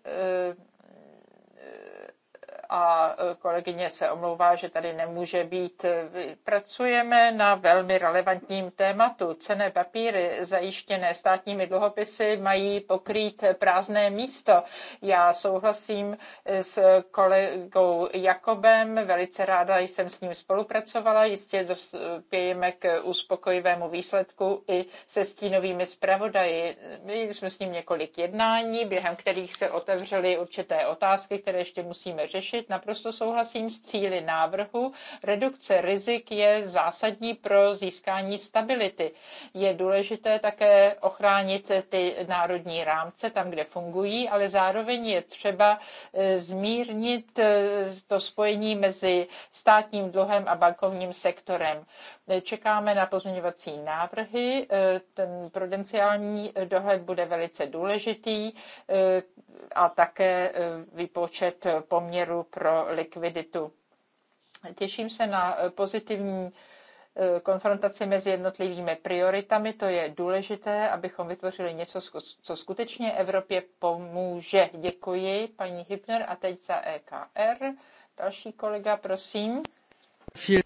a e, kolegyně se omlouvá, že tady nemůže být. E, pracujeme na velmi relevantním tématu. Cené papíry zajištěné státními dluhopisy mají pokrýt prázdné místo. Já souhlasím e, s kolegou Jakobem, velice ráda jsem s ním spolupracovala, jistě dospějeme k uspokojivému výsledku i se stínovými zpravodaji. Měli jsme s ním několik jednání, během kterých se otevřely určité otázky, které ještě musíme řešit řešit. Naprosto souhlasím s cíly návrhu. Redukce rizik je zásadní pro získání stability. Je důležité také ochránit ty národní rámce tam, kde fungují, ale zároveň je třeba e, zmírnit e, to spojení mezi státním dluhem a bankovním sektorem. E, čekáme na pozměňovací návrhy. Ten prudenciální dohled bude velice důležitý a také výpočet poměru pro likviditu. Těším se na eh, pozitivní eh, konfrontaci mezi jednotlivými prioritami. To je důležité, abychom vytvořili něco, co skutečně Evropě pomůže. Děkuji, paní Hybner, a teď za EKR. Další kolega, prosím.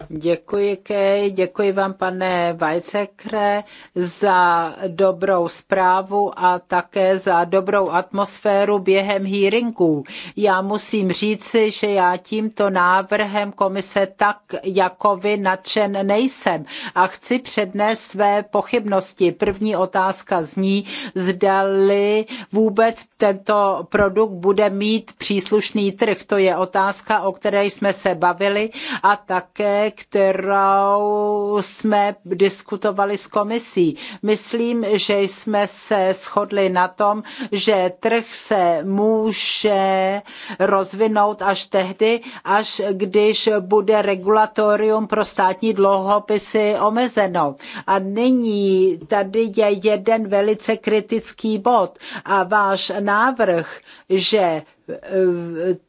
Děkuji, Kej, děkuji vám, pane Vajcekre, za dobrou zprávu a také za dobrou atmosféru během hearingů. Já musím říci, že já tímto návrhem komise tak jako vy nadšen nejsem a chci přednést své pochybnosti. První otázka zní, zdali vůbec tento produkt bude mít příslušný trh. To je otázka, o které jsme se bavili a tak také, kterou jsme diskutovali s komisí. Myslím, že jsme se shodli na tom, že trh se může rozvinout až tehdy, až když bude regulatorium pro státní dluhopisy omezeno. A nyní tady je jeden velice kritický bod a váš návrh, že eh,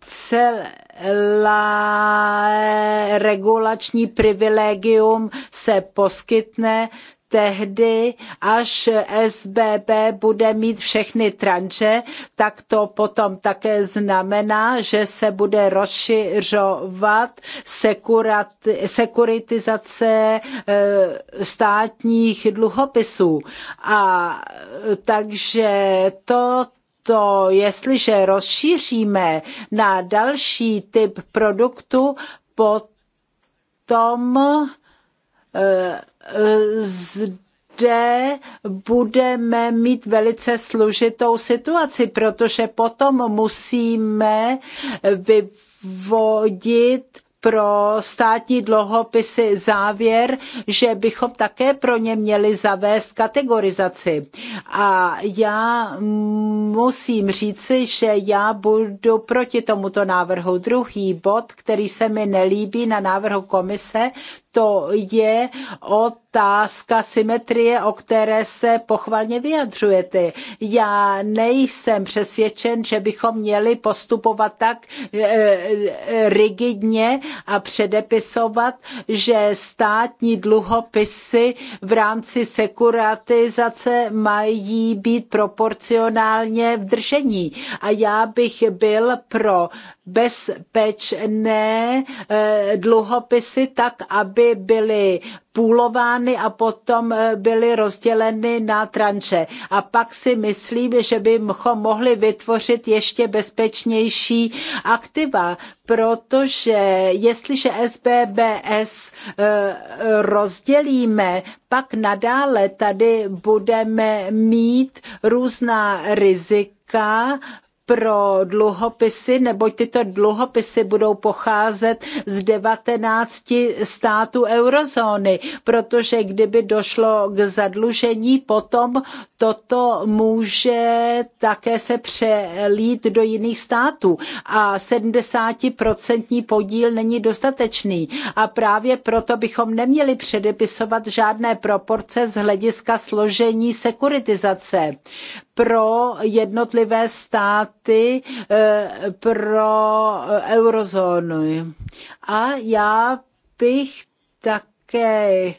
celé la regulační privilegium se poskytne tehdy, až SBB bude mít všechny tranče, tak to potom také znamená, že se bude rozšiřovat sekuritizace eh, státních dluhopisů. A takže to to, jestliže rozšíříme na další typ produktu, potom eh, zde budeme mít velice služitou situaci, protože potom musíme vyvodit pro státní dluhopisy závěr, že bychom také pro ně měli zavést kategorizaci. A já musím říci, že já budu proti tomuto návrhu. Druhý bod, který se mi nelíbí na návrhu komise, to je otázka symetrie, o které se pochvalně vyjadřujete. Já nejsem přesvědčen, že bychom měli postupovat tak eh, eh, rigidně a předepisovat, že státní dluhopisy v rámci sekuratizace mají být proporcionálně v držení. A já bych byl pro bezpečné eh, dluhopisy tak, aby byly půlovány a potom eh, byly rozděleny na tranče. A pak si myslím, že bychom mohli vytvořit ještě bezpečnější aktiva, protože jestliže SBBS eh, rozdělíme, pak nadále tady budeme mít různá rizika, rizika pro dluhopisy, neboť tyto dluhopisy budou pocházet z 19 států eurozóny, protože kdyby došlo k zadlužení, potom toto může také se přelít do jiných států a 70% podíl není dostatečný. A právě proto bychom neměli předepisovat žádné proporce z hlediska složení sekuritizace pro jednotlivé státy pakty eh, pro eh, eurozónu. A já bych také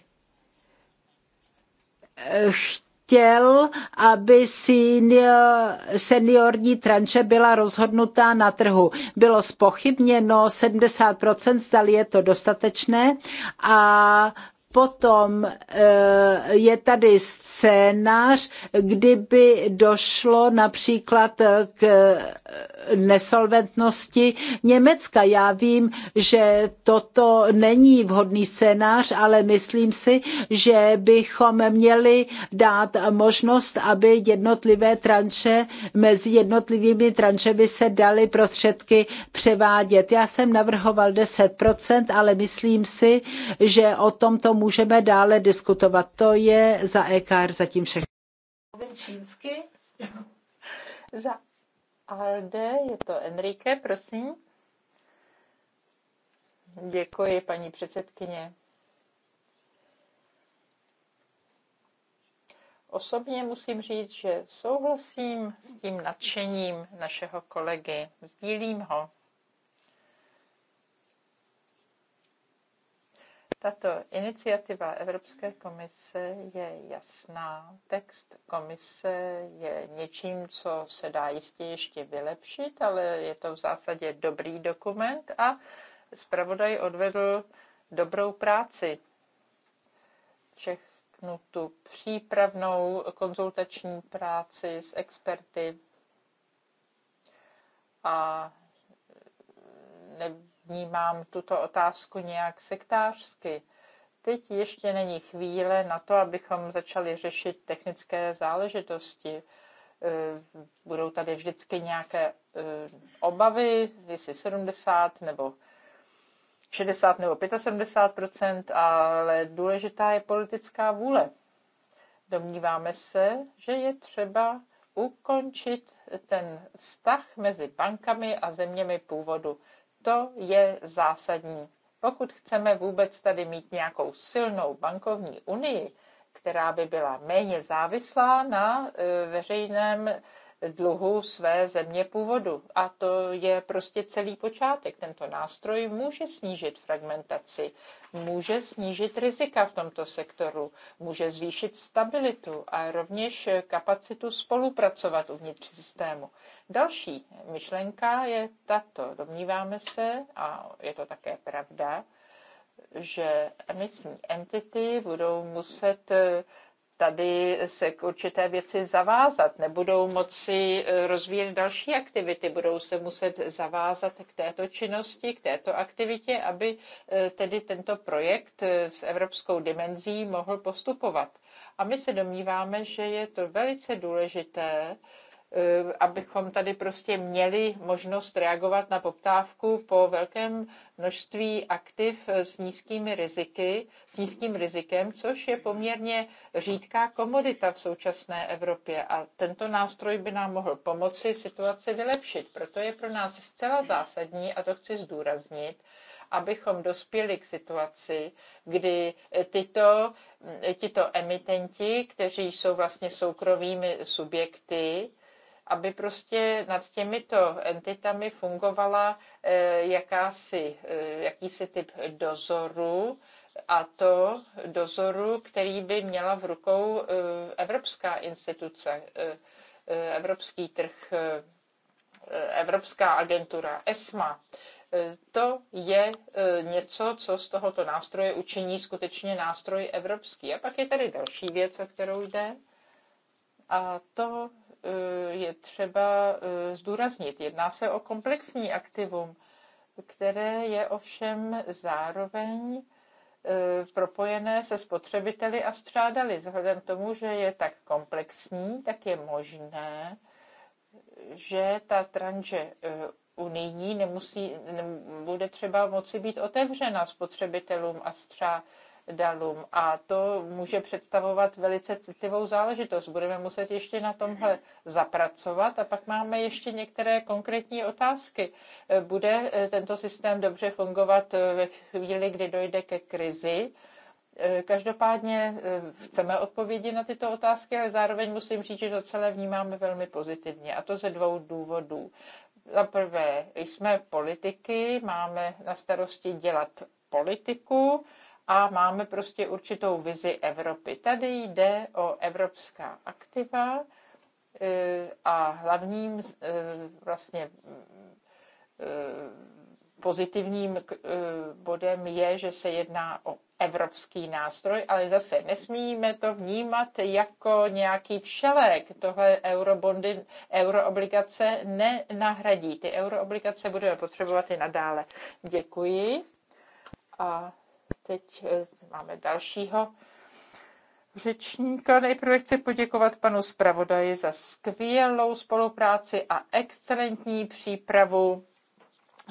eh, chtěl, aby senior, seniorní tranče byla rozhodnutá na trhu. Bylo spochybněno 70%, zdali je to dostatečné a Potom eh, je tady scénář, kdyby došlo například k nesolventnosti Německa. Já vím, že toto není vhodný scénář, ale myslím si, že bychom měli dát možnost, aby jednotlivé tranše, mezi jednotlivými tranšemi se daly prostředky převádět. Já jsem navrhoval 10%, ale myslím si, že o tomto můžeme dále diskutovat. To je za EKR zatím všechno. Čínsky za Alde, je to Enrique, prosím. Děkuji, paní předsedkyně. Osobně musím říct, že souhlasím s tím nadšením našeho kolegy, sdílím ho. Tato iniciativa Evropské komise je jasná. Text komise je něčím, co se dá jistě ještě vylepšit, ale je to v zásadě dobrý dokument a zpravodaj odvedl dobrou práci. Všechnu tu přípravnou konzultační práci s experty a ne vnímám tuto otázku nějak sektářsky. Teď ještě není chvíle na to, abychom začali řešit technické záležitosti. E, budou tady vždycky nějaké e, obavy, jestli 70 nebo 60 nebo 75 ale důležitá je politická vůle. Domníváme se, že je třeba ukončit ten vztah mezi bankami a zeměmi původu. To je zásadní. Pokud chceme vůbec tady mít nějakou silnou bankovní unii, která by byla méně závislá na eh, veřejném dluhu své země původu. A to je prostě celý počátek. Tento nástroj může snížit fragmentaci, může snížit rizika v tomto sektoru, může zvýšit stabilitu a rovněž kapacitu spolupracovat uvnitř systému. Další myšlenka je tato. Domníváme se, a je to také pravda, že emisní entity budou muset tady se k určité věci zavázat. Nebudou moci eh, rozvíjet další aktivity, budou se muset zavázat k této činnosti, k této aktivitě, aby eh, tedy tento projekt eh, s evropskou dimenzí mohl postupovat. A my se domníváme, že je to velice důležité, Eh, abychom tady prostě měli možnost reagovat na poptávku po velkém množství aktiv eh, s nízkými riziky, s nízkým rizikem, což je poměrně řídká komodita v současné Evropě. A tento nástroj by nám mohl pomoci situaci vylepšit. Proto je pro nás zcela zásadní, a to chci zdůraznit, abychom dospěli k situaci, kdy eh, tyto, mm, tyto emitenti, kteří jsou vlastně soukromými subjekty, aby prostě nad těmito entitami fungovala eh, jakási, eh, jakýsi typ dozoru, a to dozoru, který by měla v rukou eh, evropská instituce, evropský trh, evropská agentura ESMA. To je něco, co z tohoto nástroje učiní skutečně nástroj evropský. A pak je tady další věc, o kterou jde, a to Eh, je třeba eh, zdůraznit. Jedná se o komplexní aktivum, které je ovšem zároveň eh, propojené se spotřebiteli a střádali. Vzhledem k tomu, že je tak komplexní, tak je možné, že ta tranže unijní nemusí, bude třeba moci být otevřena spotřebitelům a střádali dalům. A to může představovat velice citlivou záležitost. Budeme muset ještě na tomhle zapracovat a pak máme ještě některé konkrétní otázky. Bude eh, tento systém dobře fungovat eh, ve chvíli, kdy dojde ke krizi? Eh, každopádně chceme odpovědi na tyto otázky, ale zároveň musím říct, že to celé vnímáme velmi pozitivně. A to ze dvou důvodů. Za prvé, jsme politiky, máme na starosti dělat politiku a máme prostě určitou vizi Evropy. Tady jde o evropská aktiva eh, a hlavním eh, vlastně eh, pozitivním bodem je, že se jedná o evropský nástroj, ale zase nesmíme to vnímat jako nějaký všelek. Tohle eurobondy, euroobligace nenahradí. Ty euroobligace budeme potřebovat i nadále. Děkuji. A Teď eh, máme dalšího řečníka. Nejprve chci poděkovat panu zpravodaji za skvělou spolupráci a excelentní přípravu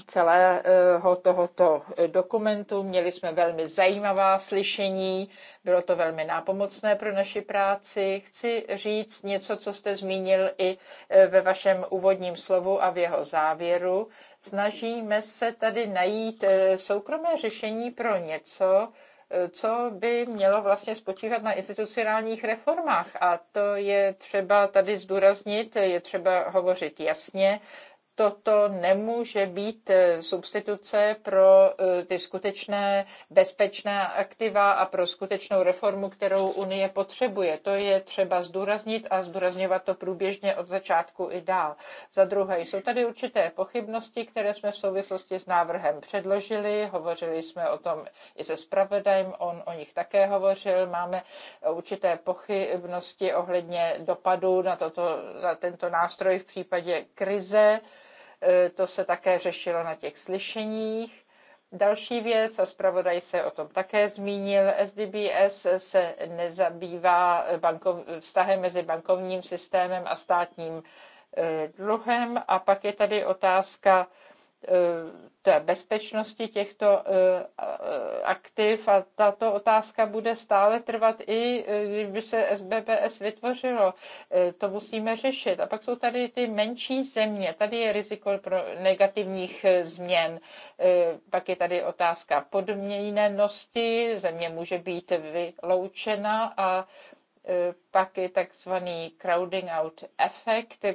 celého tohoto dokumentu. Měli jsme velmi zajímavá slyšení, bylo to velmi nápomocné pro naši práci. Chci říct něco, co jste zmínil i e, ve vašem úvodním slovu a v jeho závěru. Snažíme se tady najít e, soukromé řešení pro něco, e, co by mělo vlastně spočívat na institucionálních reformách. A to je třeba tady zdůraznit, je třeba hovořit jasně, toto nemůže být eh, substituce pro eh, ty skutečné bezpečné aktiva a pro skutečnou reformu, kterou Unie potřebuje. To je třeba zdůraznit a zdůrazňovat to průběžně od začátku i dál. Za druhé, jsou tady určité pochybnosti, které jsme v souvislosti s návrhem předložili. Hovořili jsme o tom i se Spravedajem, on o nich také hovořil. Máme určité pochybnosti ohledně dopadu na, toto, na tento nástroj v případě krize. E, to se také řešilo na těch slyšeních. Další věc, a zpravodaj se o tom také zmínil, SBBS se nezabývá bankov, vztahem mezi bankovním systémem a státním e, dluhem. A pak je tady otázka Eh, té bezpečnosti těchto eh, aktiv a tato otázka bude stále trvat i eh, kdyby se SBPS vytvořilo. To musíme řešit. A pak jsou tady ty menší země. Tady je riziko pro negativních změn. Pak je tady otázka podměněnosti. Země může být vyloučena a E, pak je takzvaný crowding out efekt,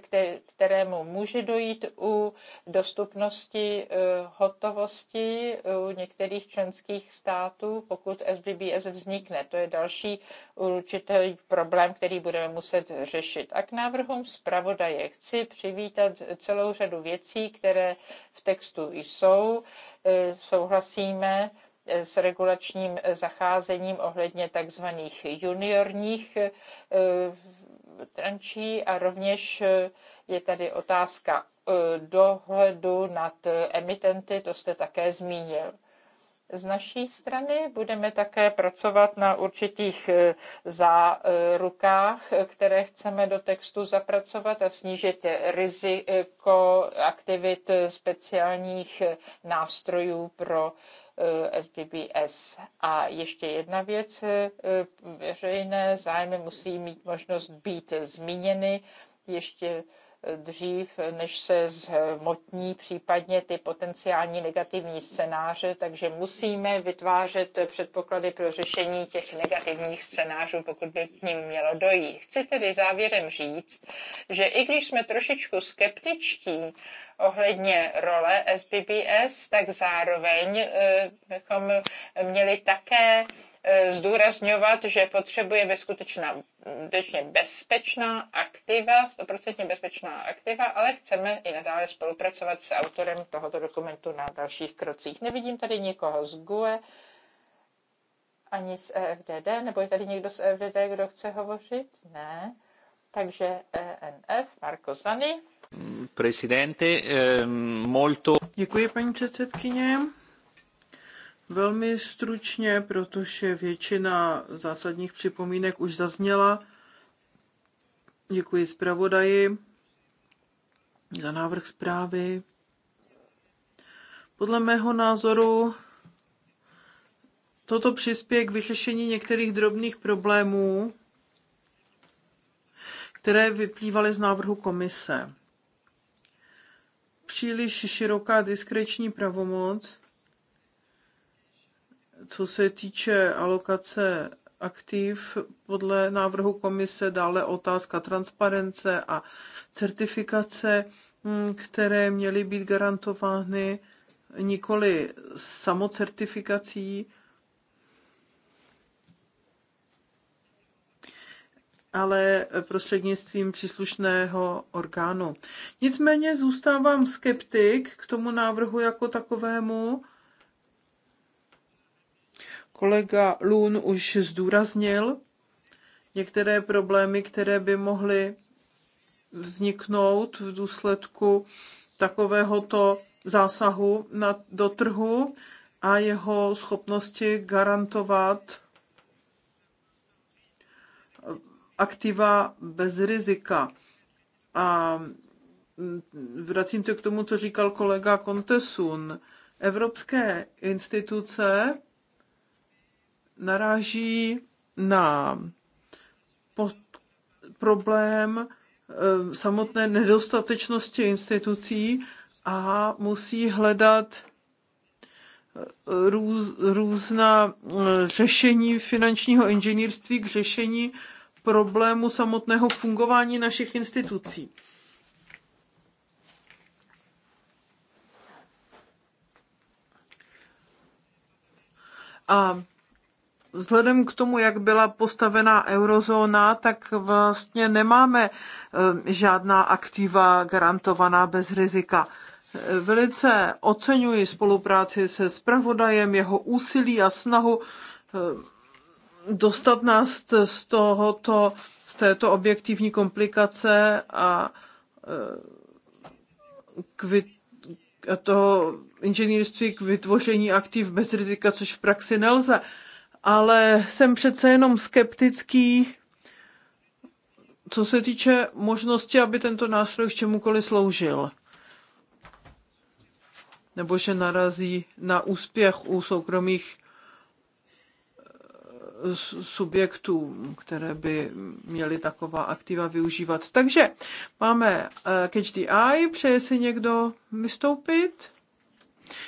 kterému může dojít u dostupnosti e, hotovosti u některých členských států, pokud SBBS vznikne. To je další určitý problém, který budeme muset řešit. A k návrhům zpravodaje chci přivítat celou řadu věcí, které v textu jsou. E, souhlasíme s regulačním eh, zacházením ohledně takzvaných juniorních eh, trančí a rovněž eh, je tady otázka dohledu nad emitenty, to jste také zmínil. Z naší strany budeme také pracovat na určitých zárukách, které chceme do textu zapracovat a snížit riziko aktivit speciálních nástrojů pro SBBS. Eh, A ještě jedna věc, eh, veřejné zájmy musí mít možnost být zmíněny. Ještě dřív, než se zhmotní případně ty potenciální negativní scénáře, takže musíme vytvářet předpoklady pro řešení těch negativních scénářů, pokud by k ním mělo dojít. Chci tedy závěrem říct, že i když jsme trošičku skeptičtí ohledně role SBBS, tak zároveň eh, bychom měli také E, zdůrazňovat, že potřebujeme skutečně bezpečná aktiva, 100% bezpečná aktiva, ale chceme i nadále spolupracovat s autorem tohoto dokumentu na dalších krocích. Nevidím tady nikoho z GUE ani z EFDD, nebo je tady někdo z EFDD, kdo chce hovořit? Ne. Takže ENF, Marko Zany. Presidente, ehm, molto... Děkuji, paní předsedkyně. Velmi stručně, protože většina zásadních připomínek už zazněla. Děkuji zpravodaji za návrh zprávy. Podle mého názoru toto přispěje k vyřešení některých drobných problémů, které vyplývaly z návrhu komise. Příliš široká diskreční pravomoc co se týče alokace aktiv podle návrhu komise, dále otázka transparence a certifikace, mm, které měly být garantovány nikoli samocertifikací, ale prostřednictvím příslušného orgánu. Nicméně zůstávám skeptik k tomu návrhu jako takovému Kolega Lun už zdůraznil některé problémy, které by mohly vzniknout v důsledku takovéhoto zásahu na, do trhu a jeho schopnosti garantovat aktiva bez rizika. A vracím se k tomu, co říkal kolega Kontesun. Evropské instituce naráží na pod problém eh, samotné nedostatečnosti institucí a musí hledat eh, růz, různá eh, řešení finančního inženýrství k řešení problému samotného fungování našich institucí. A vzhledem k tomu, jak byla postavená eurozóna, tak vlastně nemáme eh, žádná aktiva garantovaná bez rizika. Eh, velice oceňuji spolupráci se zpravodajem, jeho úsilí a snahu eh, dostat nás z tohoto, z této objektivní komplikace a k toho inženýrství k vytvoření aktiv bez rizika, což v praxi nelze ale jsem přece jenom skeptický, co se týče možnosti, aby tento nástroj k čemukoliv sloužil. Nebo že narazí na úspěch u soukromých eh, subjektů, které by měly taková aktiva využívat. Takže máme eh, Catch the Eye, přeje si někdo vystoupit?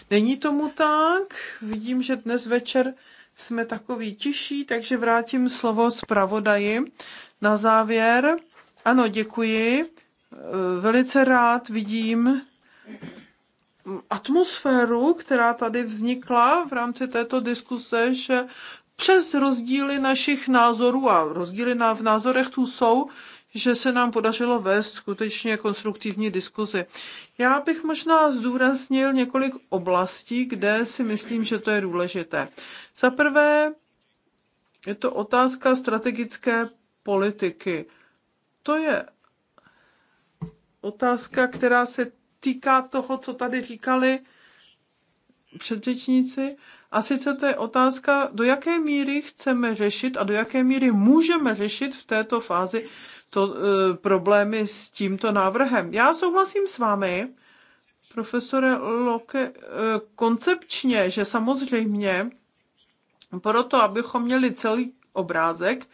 Není tomu tak. Vidím, že dnes večer jsme takový tiší, takže vrátím slovo zpravodaji na závěr. Ano, děkuji. E, velice rád vidím atmosféru, která tady vznikla v rámci této diskuse, že přes rozdíly našich názorů a rozdíly na, v názorech tu jsou, že se nám podařilo vést skutečně konstruktivní diskuzi. Já bych možná zdůraznil několik oblastí, kde si myslím, že to je důležité. Za prvé je to otázka strategické politiky. To je otázka, která se týká toho, co tady říkali předřečníci. A sice to je otázka, do jaké míry chceme řešit a do jaké míry můžeme řešit v této fázi to, e, problémy s tímto návrhem. Já souhlasím s vámi, profesore Loke, e, koncepčně, že samozřejmě proto, abychom měli celý obrázek,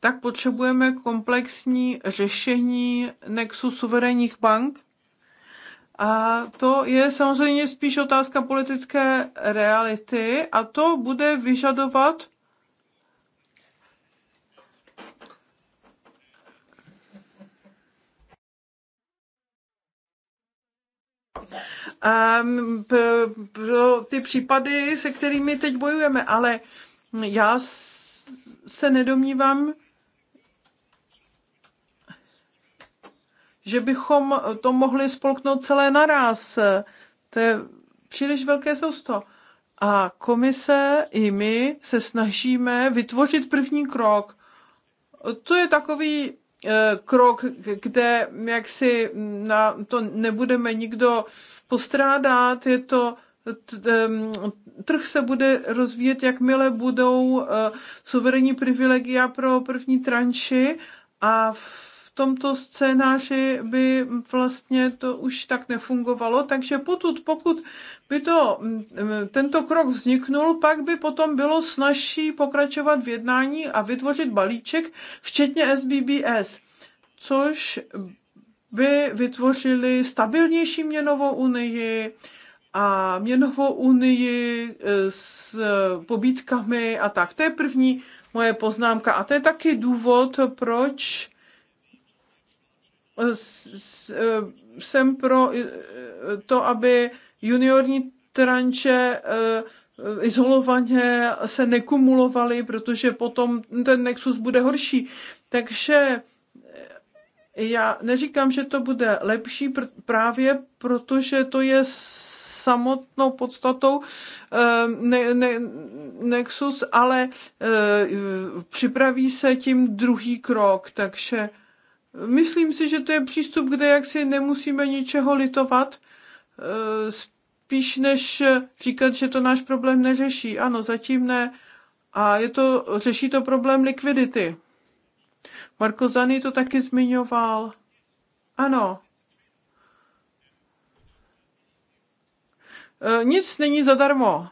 tak potřebujeme komplexní řešení nexu suverénních bank. A to je samozřejmě spíš otázka politické reality a to bude vyžadovat pro ty případy, se kterými teď bojujeme, ale já se nedomnívám, že bychom to mohli spolknout celé naraz. To je příliš velké sousto. A komise i my se snažíme vytvořit první krok. To je takový Eh, krok, kde jaksi na to nebudeme nikdo postrádat, je to trh se bude rozvíjet, jakmile budou eh, suverénní privilegia pro první tranši a v tomto scénáři by vlastně to už tak nefungovalo, takže potud, pokud by to, mm, mm, tento krok vzniknul, pak by potom bylo snažší pokračovat v jednání a vytvořit balíček, včetně SBBS, což by vytvořili stabilnější měnovou unii a měnovou unii e, s pobítkami a tak. To je první moje poznámka a to je taky důvod, proč Eh, jsem pro eh, to, aby juniorní tranče eh, izolovaně se nekumulovaly, protože potom ten nexus bude horší. Takže já neříkám, že to bude lepší pr- právě protože to je samotnou podstatou ne, ne, Nexus, ale e, připraví se tím druhý krok, takže Myslím si, že to je přístup, kde jaksi nemusíme ničeho litovat, eh, spíš než říkat, že to náš problém neřeší. Ano, zatím ne. A je to, řeší to problém likvidity. Marko Zany to taky zmiňoval. Ano. Eh, nic není zadarmo.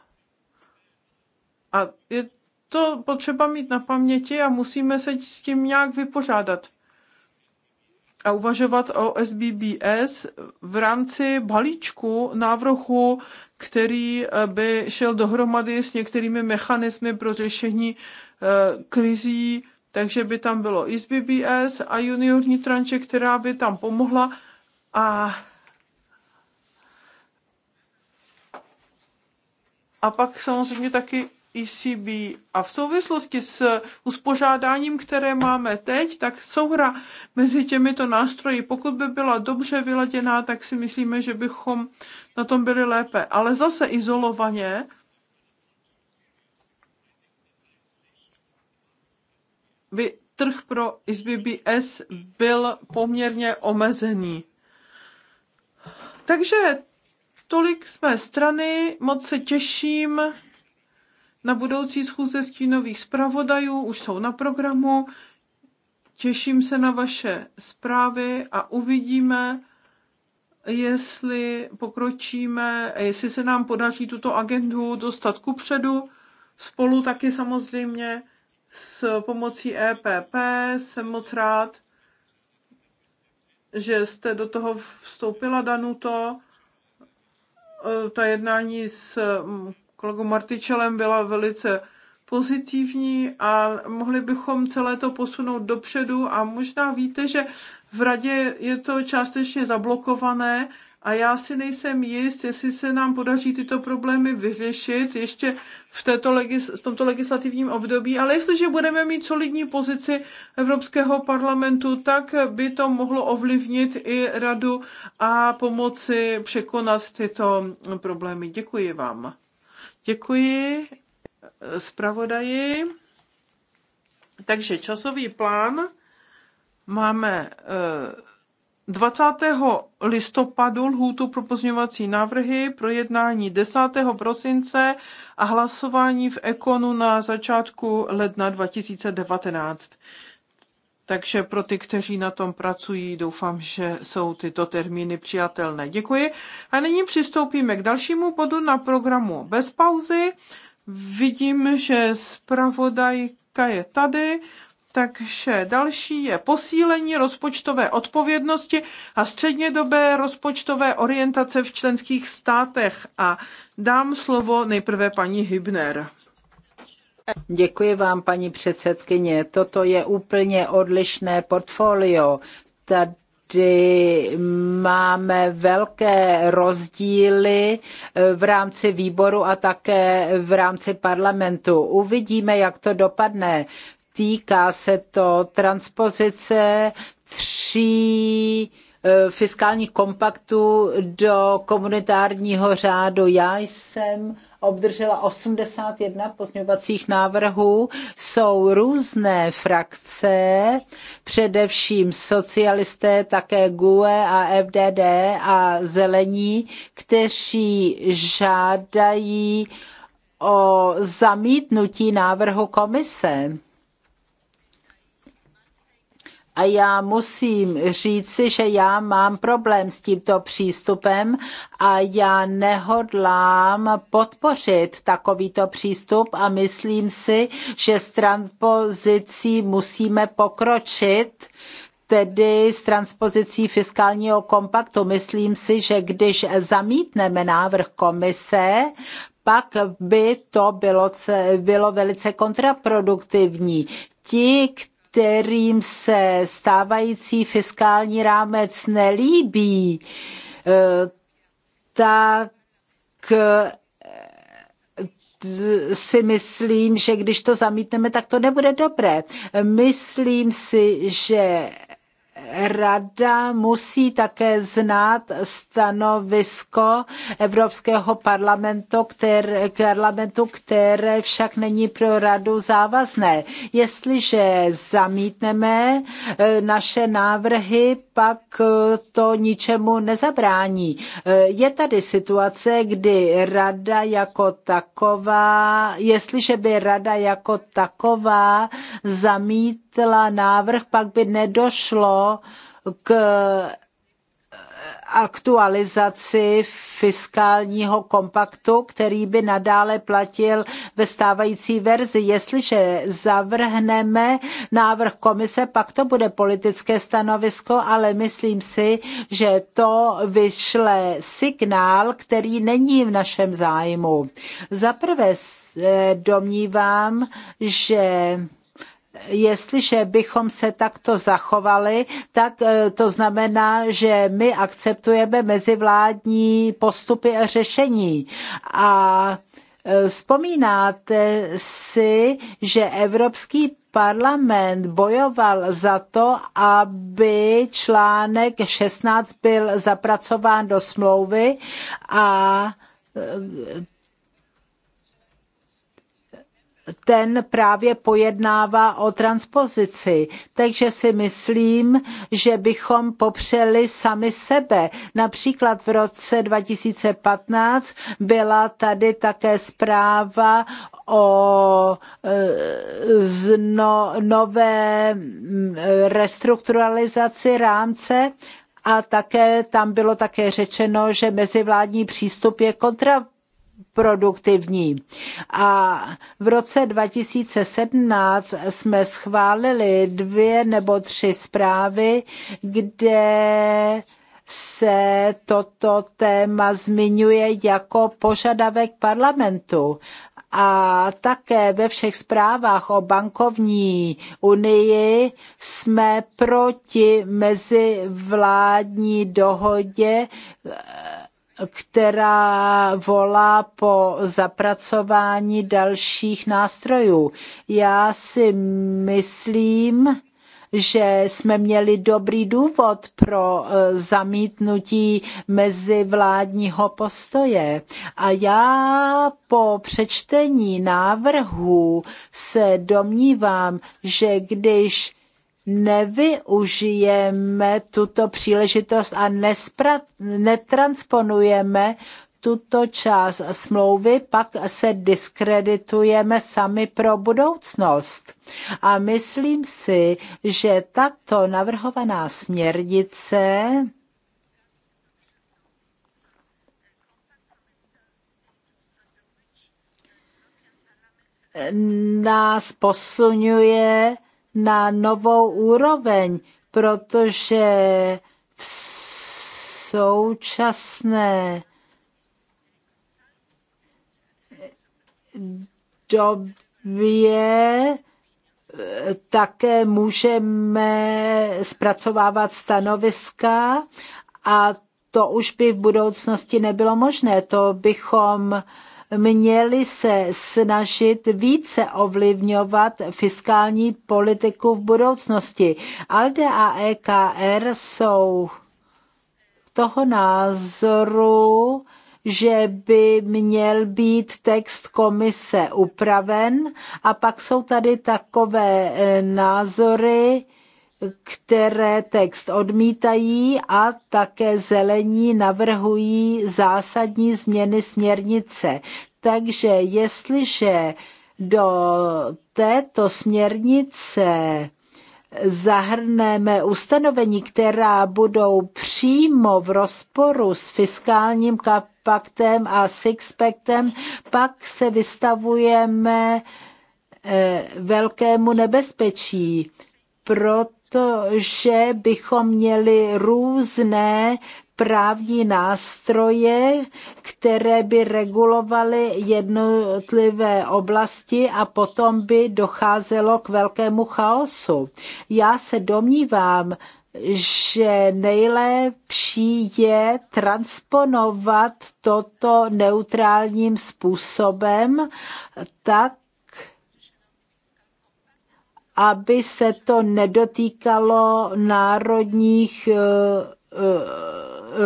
A je to potřeba mít na paměti a musíme se s tím nějak vypořádat a uvažovat o SBBS v rámci balíčku návrhu, který eh, by šel dohromady s některými mechanismy pro řešení eh, krizí, takže by tam bylo SBBS a juniorní tranče, která by tam pomohla a a pak samozřejmě taky ECB. A v souvislosti s uspořádáním, které máme teď, tak souhra mezi těmito nástroji, pokud by byla dobře vyladěná, tak si myslíme, že bychom na tom byli lépe. Ale zase izolovaně, by trh pro SBBS byl poměrně omezený. Takže tolik z mé strany, moc se těším na budoucí schůze stínových zpravodajů, už jsou na programu. Těším se na vaše zprávy a uvidíme, jestli pokročíme, jestli se nám podaří tuto agendu dostat ku předu, spolu taky samozřejmě s pomocí EPP. Jsem moc rád, že jste do toho vstoupila, Danuto. E, ta jednání s kolegou Martičelem byla velice pozitivní a mohli bychom celé to posunout dopředu a možná víte, že v radě je to částečně zablokované a já si nejsem jist, jestli se nám podaří tyto problémy vyřešit ještě v, této legis- v tomto legislativním období, ale jestliže budeme mít solidní pozici Evropského parlamentu, tak by to mohlo ovlivnit i radu a pomoci překonat tyto problémy. Děkuji vám. Děkuji eh, zpravodaji. Takže časový plán máme 20. Eh, listopadu lhůtu pro pozměňovací návrhy, projednání 10. prosince a hlasování v Ekonu na začátku ledna 2019 takže pro ty, kteří na tom pracují, doufám, že jsou tyto termíny přijatelné. Děkuji. A nyní přistoupíme k dalšímu bodu na programu bez pauzy. Vidím, že zpravodajka je tady. Takže další je posílení rozpočtové odpovědnosti a střednědobé rozpočtové orientace v členských státech. A dám slovo nejprve paní Hybner. Děkuji vám, paní předsedkyně. Toto je úplně odlišné portfolio. Tady kdy máme velké rozdíly eh, v rámci výboru a také v rámci parlamentu. Uvidíme, jak to dopadne. Týká se to transpozice tří eh, fiskálních kompaktů do komunitárního řádu. Já jsem obdržela 81 pozměňovacích návrhů. Jsou různé frakce, především socialisté, také GUE a FDD a zelení, kteří žádají o zamítnutí návrhu komise. A já musím říci, že já mám problém s tímto přístupem a já nehodlám podpořit takovýto přístup a myslím si, že s transpozicí musíme pokročit tedy s transpozicí fiskálního kompaktu. Myslím si, že když zamítneme návrh komise, pak by to bylo, bylo velice kontraproduktivní. Ti, kterým se stávající fiskální rámec nelíbí, eh, tak eh, si myslím, že když to zamítneme, tak to nebude dobré. Myslím si, že Rada musí také znát stanovisko Evropského parlamentu které, parlamentu, které však není pro radu závazné. Jestliže zamítneme eh, naše návrhy, pak eh, to ničemu nezabrání. Eh, je tady situace, kdy rada jako taková, jestliže by rada jako taková zamítla návrh, pak by nedošlo k aktualizaci fiskálního kompaktu, který by nadále platil ve stávající verzi. Jestliže zavrhneme návrh komise, pak to bude politické stanovisko, ale myslím si, že to vyšle signál, který není v našem zájmu. Za prvé domnívám, že jestliže bychom se takto zachovali, tak eh, to znamená, že my akceptujeme mezivládní postupy a řešení. A eh, Vzpomínáte si, že Evropský parlament bojoval za to, aby článek 16 byl zapracován do smlouvy a eh, ten právě pojednává o transpozici. Takže si myslím, že bychom popřeli sami sebe. Například v roce 2015 byla tady také zpráva o e, nové mm, restrukturalizaci rámce a také tam bylo také řečeno, že mezivládní přístup je kontra produktivní. A v roce 2017 jsme schválili dvě nebo tři zprávy, kde se toto téma zmiňuje jako požadavek parlamentu a také ve všech zprávách o bankovní unii jsme proti mezivládní dohodě která volá po zapracování dalších nástrojů. Já si myslím, že jsme měli dobrý důvod pro eh, zamítnutí mezivládního postoje. A já po přečtení návrhu se domnívám, že když nevyužijeme tuto příležitost a nespra- netransponujeme tuto část smlouvy, pak se diskreditujeme sami pro budoucnost. A myslím si, že tato navrhovaná směrnice nás posunuje na novou úroveň, protože v současné době eh, také můžeme zpracovávat stanoviska a to už by v budoucnosti nebylo možné. To bychom měli se snažit více ovlivňovat fiskální politiku v budoucnosti. ALDE a EKR jsou toho názoru, že by měl být text komise upraven a pak jsou tady takové eh, názory, které text odmítají a také zelení navrhují zásadní změny směrnice. Takže jestliže do této směrnice zahrneme ustanovení, která budou přímo v rozporu s fiskálním paktem a sixpactem, pak se vystavujeme eh, velkému nebezpečí. Proto to, že bychom měli různé právní nástroje, které by regulovaly jednotlivé oblasti a potom by docházelo k velkému chaosu. Já se domnívám, že nejlepší je transponovat toto neutrálním způsobem tak, aby se to nedotýkalo národních eh, eh,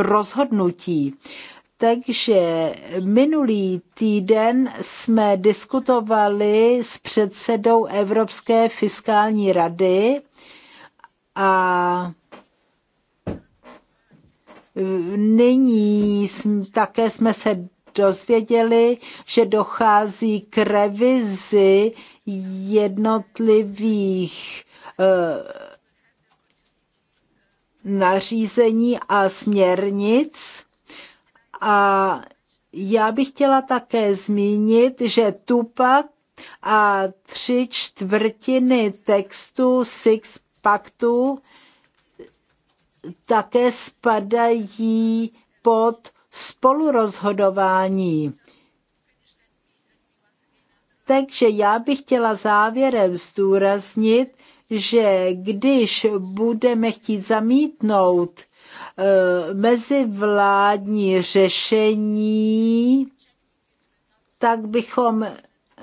rozhodnutí. Takže minulý týden jsme diskutovali s předsedou Evropské fiskální rady a nyní také jsme se dozvěděli, že dochází k revizi jednotlivých eh, nařízení a směrnic. A já bych chtěla také zmínit, že Tupac a tři čtvrtiny textu Six Paktu také spadají pod spolurozhodování. Takže já bych chtěla závěrem zdůraznit, že když budeme chtít zamítnout eh, mezivládní řešení, tak bychom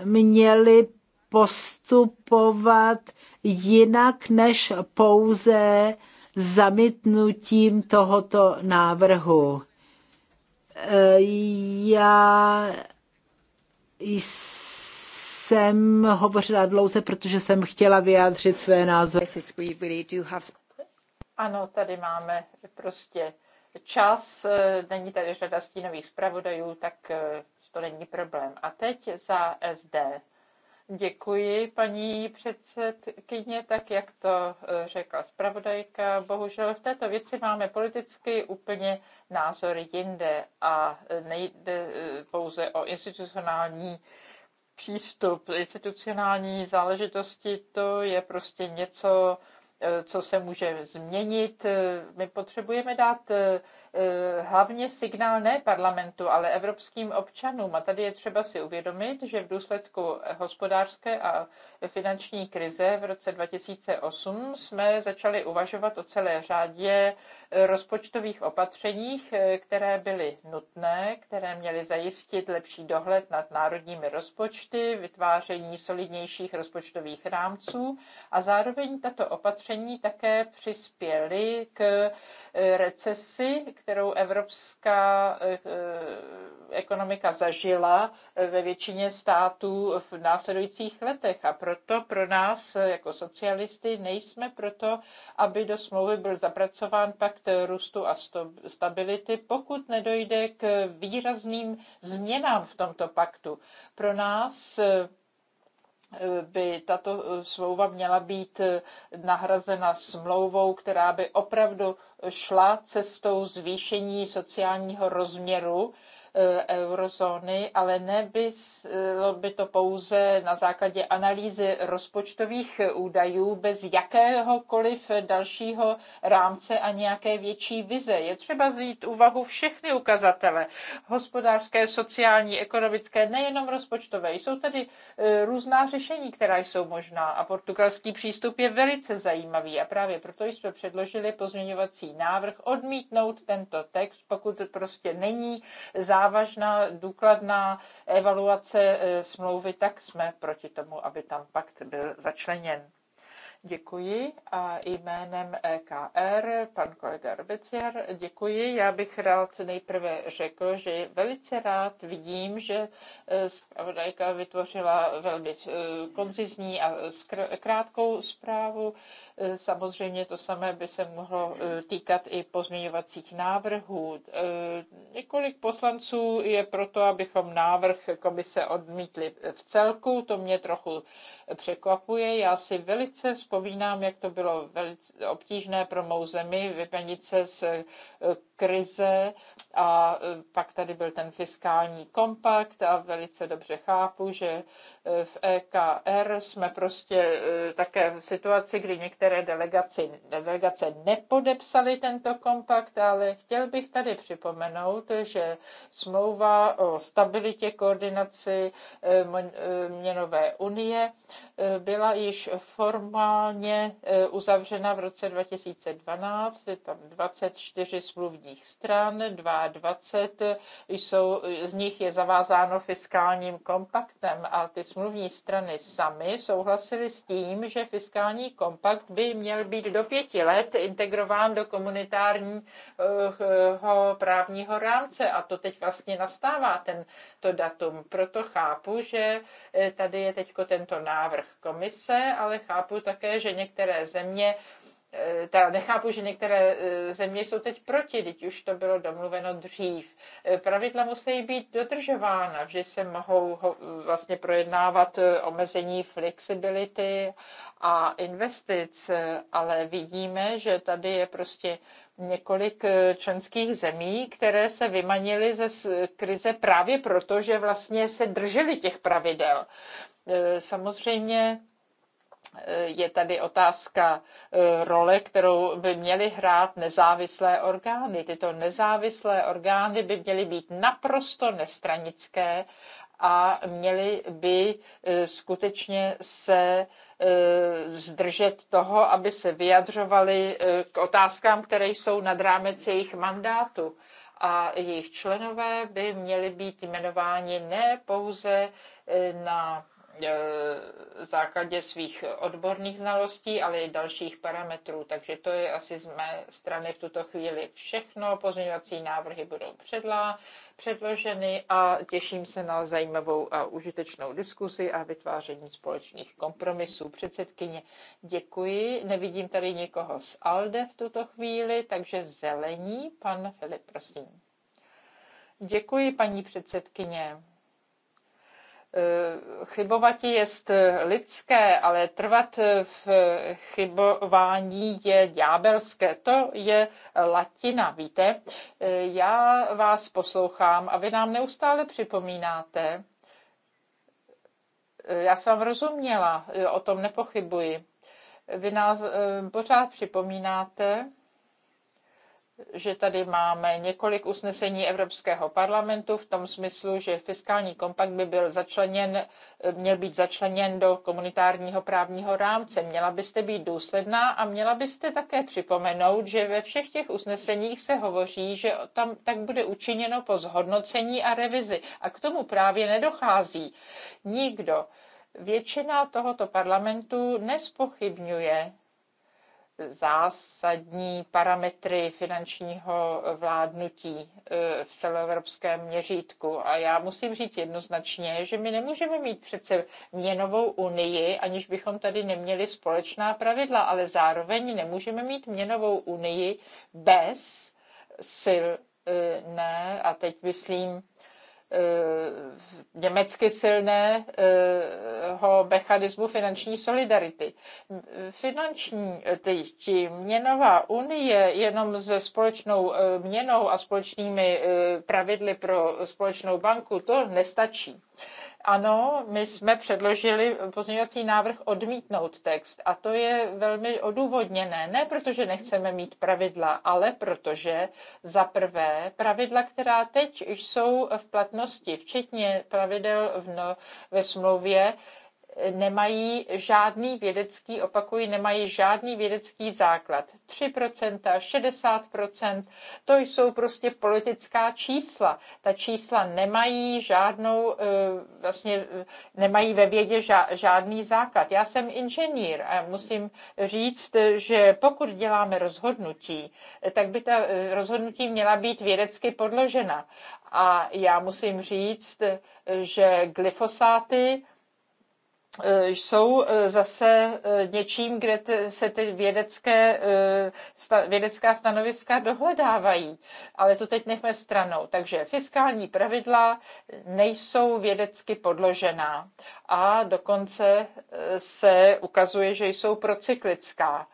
měli postupovat jinak než pouze zamítnutím tohoto návrhu. Eh, já jsem jsem hovořila dlouze, protože jsem chtěla vyjádřit své názory. Ano, tady máme prostě čas, není tady řada stínových zpravodajů, tak eh, to není problém. A teď za SD. Děkuji, paní předsedkyně, tak jak to eh, řekla zpravodajka. Bohužel v této věci máme politicky úplně názory jinde a eh, nejde pouze o institucionální přístup, institucionální záležitosti, to je prostě něco, eh, co se může změnit. Eh, my potřebujeme dát eh, Eh, hlavně signál ne parlamentu, ale evropským občanům. A tady je třeba si uvědomit, že v důsledku hospodářské a finanční krize v roce 2008 jsme začali uvažovat o celé řádě eh, rozpočtových opatřeních, eh, které byly nutné, které měly zajistit lepší dohled nad národními rozpočty, vytváření solidnějších rozpočtových rámců a zároveň tato opatření také přispěly k recesi, kterou evropská eh, eh, ekonomika zažila eh, ve většině států v následujících letech. A proto pro nás jako socialisty nejsme proto, aby do smlouvy byl zapracován pakt růstu a stability, pokud nedojde k výrazným změnám v tomto paktu. Pro nás by tato eh, smlouva měla být eh, nahrazena smlouvou, která by opravdu šla cestou zvýšení sociálního rozměru E, eurozóny, ale nebylo by to pouze na základě analýzy rozpočtových údajů bez jakéhokoliv dalšího rámce a nějaké větší vize. Je třeba vzít úvahu všechny ukazatele, hospodářské, sociální, ekonomické, nejenom rozpočtové. Jsou tedy e, různá řešení, která jsou možná a portugalský přístup je velice zajímavý a právě proto jsme předložili pozměňovací návrh odmítnout tento text, pokud prostě není zá závažná důkladná evaluace eh, smlouvy, tak jsme proti tomu, aby tam pakt byl začleněn. Děkuji a jménem EKR, pan kolega Robeciar, děkuji. Já bych rád nejprve řekl, že velice rád vidím, že e, zpravodajka vytvořila velmi e, koncizní a krátkou zprávu. E, samozřejmě to samé by se mohlo týkat i pozměňovacích návrhů. Několik poslanců je proto, abychom návrh komise odmítli v celku. To mě trochu překvapuje. Já si velice vzpomínám, jak to bylo velice obtížné pro mou zemi vypenit se z eh, krize a eh, pak tady byl ten fiskální kompakt a velice dobře chápu, že eh, v EKR jsme prostě také v situaci, kdy některé delegaci, delegace nepodepsaly tento kompakt, ale chtěl bych tady připomenout, že smlouva o stabilitě koordinaci měnové unie byla již forma formálně e, uzavřena v roce 2012. Je tam 24 smluvních stran, 22 jsou, z nich je zavázáno fiskálním kompaktem a ty smluvní strany sami souhlasily s tím, že fiskální kompakt by měl být do pěti let integrován do komunitárního právního rámce a to teď vlastně nastává ten, to datum. Proto chápu, že e, tady je teď tento návrh komise, ale chápu také také, že některé země eh, ta, nechápu, že některé eh, země jsou teď proti, teď už to bylo domluveno dřív. Eh, pravidla musí být dodržována, že se mohou vlastně projednávat omezení flexibility a investic, ale vidíme, že tady je prostě několik členských zemí, které se vymanily ze krize právě proto, že vlastně se drželi těch pravidel. Samozřejmě Eh, je tady otázka eh, role, kterou by měly hrát nezávislé orgány. Tyto nezávislé orgány by měly být naprosto nestranické a měly by eh, skutečně se zdržet toho, aby se vyjadřovali k otázkám, které jsou nad rámec jejich mandátu. A jejich členové by měli být jmenováni ne pouze na Eh, základě svých odborných znalostí, ale i dalších parametrů. Takže to je asi z mé strany v tuto chvíli všechno. Pozměňovací návrhy budou předla, předloženy a těším se na zajímavou a užitečnou diskusi a vytváření společných kompromisů. Předsedkyně, děkuji. Nevidím tady nikoho z ALDE v tuto chvíli, takže zelení. Pan Filip, prosím. Děkuji, paní předsedkyně. Eh, Chybovatí je lidské, ale trvat v chybování je ďábelské. To je latina, víte? Eh, já vás poslouchám a vy nám neustále připomínáte. Eh, já jsem rozuměla, o tom nepochybuji. Vy nás pořád připomínáte, že tady máme několik usnesení Evropského parlamentu v tom smyslu, že fiskální kompakt by byl začleněn, měl být začleněn do komunitárního právního rámce. Měla byste být důsledná a měla byste také připomenout, že ve všech těch usneseních se hovoří, že tam tak bude učiněno po zhodnocení a revizi. A k tomu právě nedochází. Nikdo. Většina tohoto parlamentu nespochybňuje zásadní parametry finančního vládnutí eh, v celoevropském měřítku. A já musím říct jednoznačně, že my nemůžeme mít přece měnovou unii, aniž bychom tady neměli společná pravidla, ale zároveň nemůžeme mít měnovou unii bez silné, eh, a teď myslím Eh, německy silného mechanismu finanční solidarity. Finanční, ti měnová unie jenom se společnou eh, měnou a společnými eh, pravidly pro společnou banku, to nestačí. Ano, my jsme předložili pozměňovací návrh odmítnout text a to je velmi odůvodněné. Ne protože nechceme mít pravidla, ale protože za prvé pravidla, která teď jsou v platnosti, včetně pravidel v no, ve smlouvě, nemají žádný vědecký, opakují, nemají žádný vědecký základ. 3%, 60%, to jsou prostě politická čísla. Ta čísla nemají žádnou, eh, vlastně eh, nemají ve vědě žádný základ. Já jsem inženýr a musím říct, že pokud děláme rozhodnutí, tak by ta eh, rozhodnutí měla být vědecky podložena. A já musím říct, že glyfosáty Eh, jsou eh, zase eh, něčím, kde se ty vědecké, vědecká stanoviska dohledávají. Ale to teď nechme stranou. Takže fiskální pravidla nejsou vědecky podložená a dokonce se ukazuje, že jsou procyklická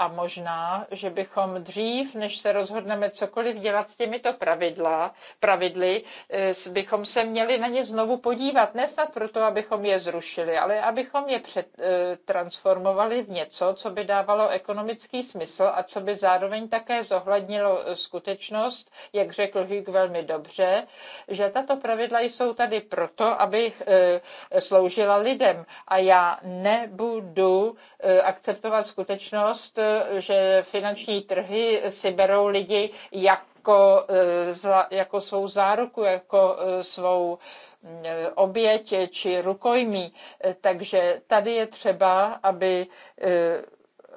a možná, že bychom dřív, než se rozhodneme cokoliv dělat s těmito pravidla, pravidly, eh, bychom se měli na ně znovu podívat. Nesnad proto, abychom je zrušili, ale abychom je přetransformovali eh, v něco, co by dávalo ekonomický smysl a co by zároveň také zohlednilo eh, skutečnost, jak řekl Hugh velmi dobře, že tato pravidla jsou tady proto, aby sloužila lidem. A já nebudu akceptovat skutečnost, že finanční trhy si berou lidi jako, eh, jako svou záruku, jako eh, svou eh, oběť či rukojmí. Takže tady je třeba, aby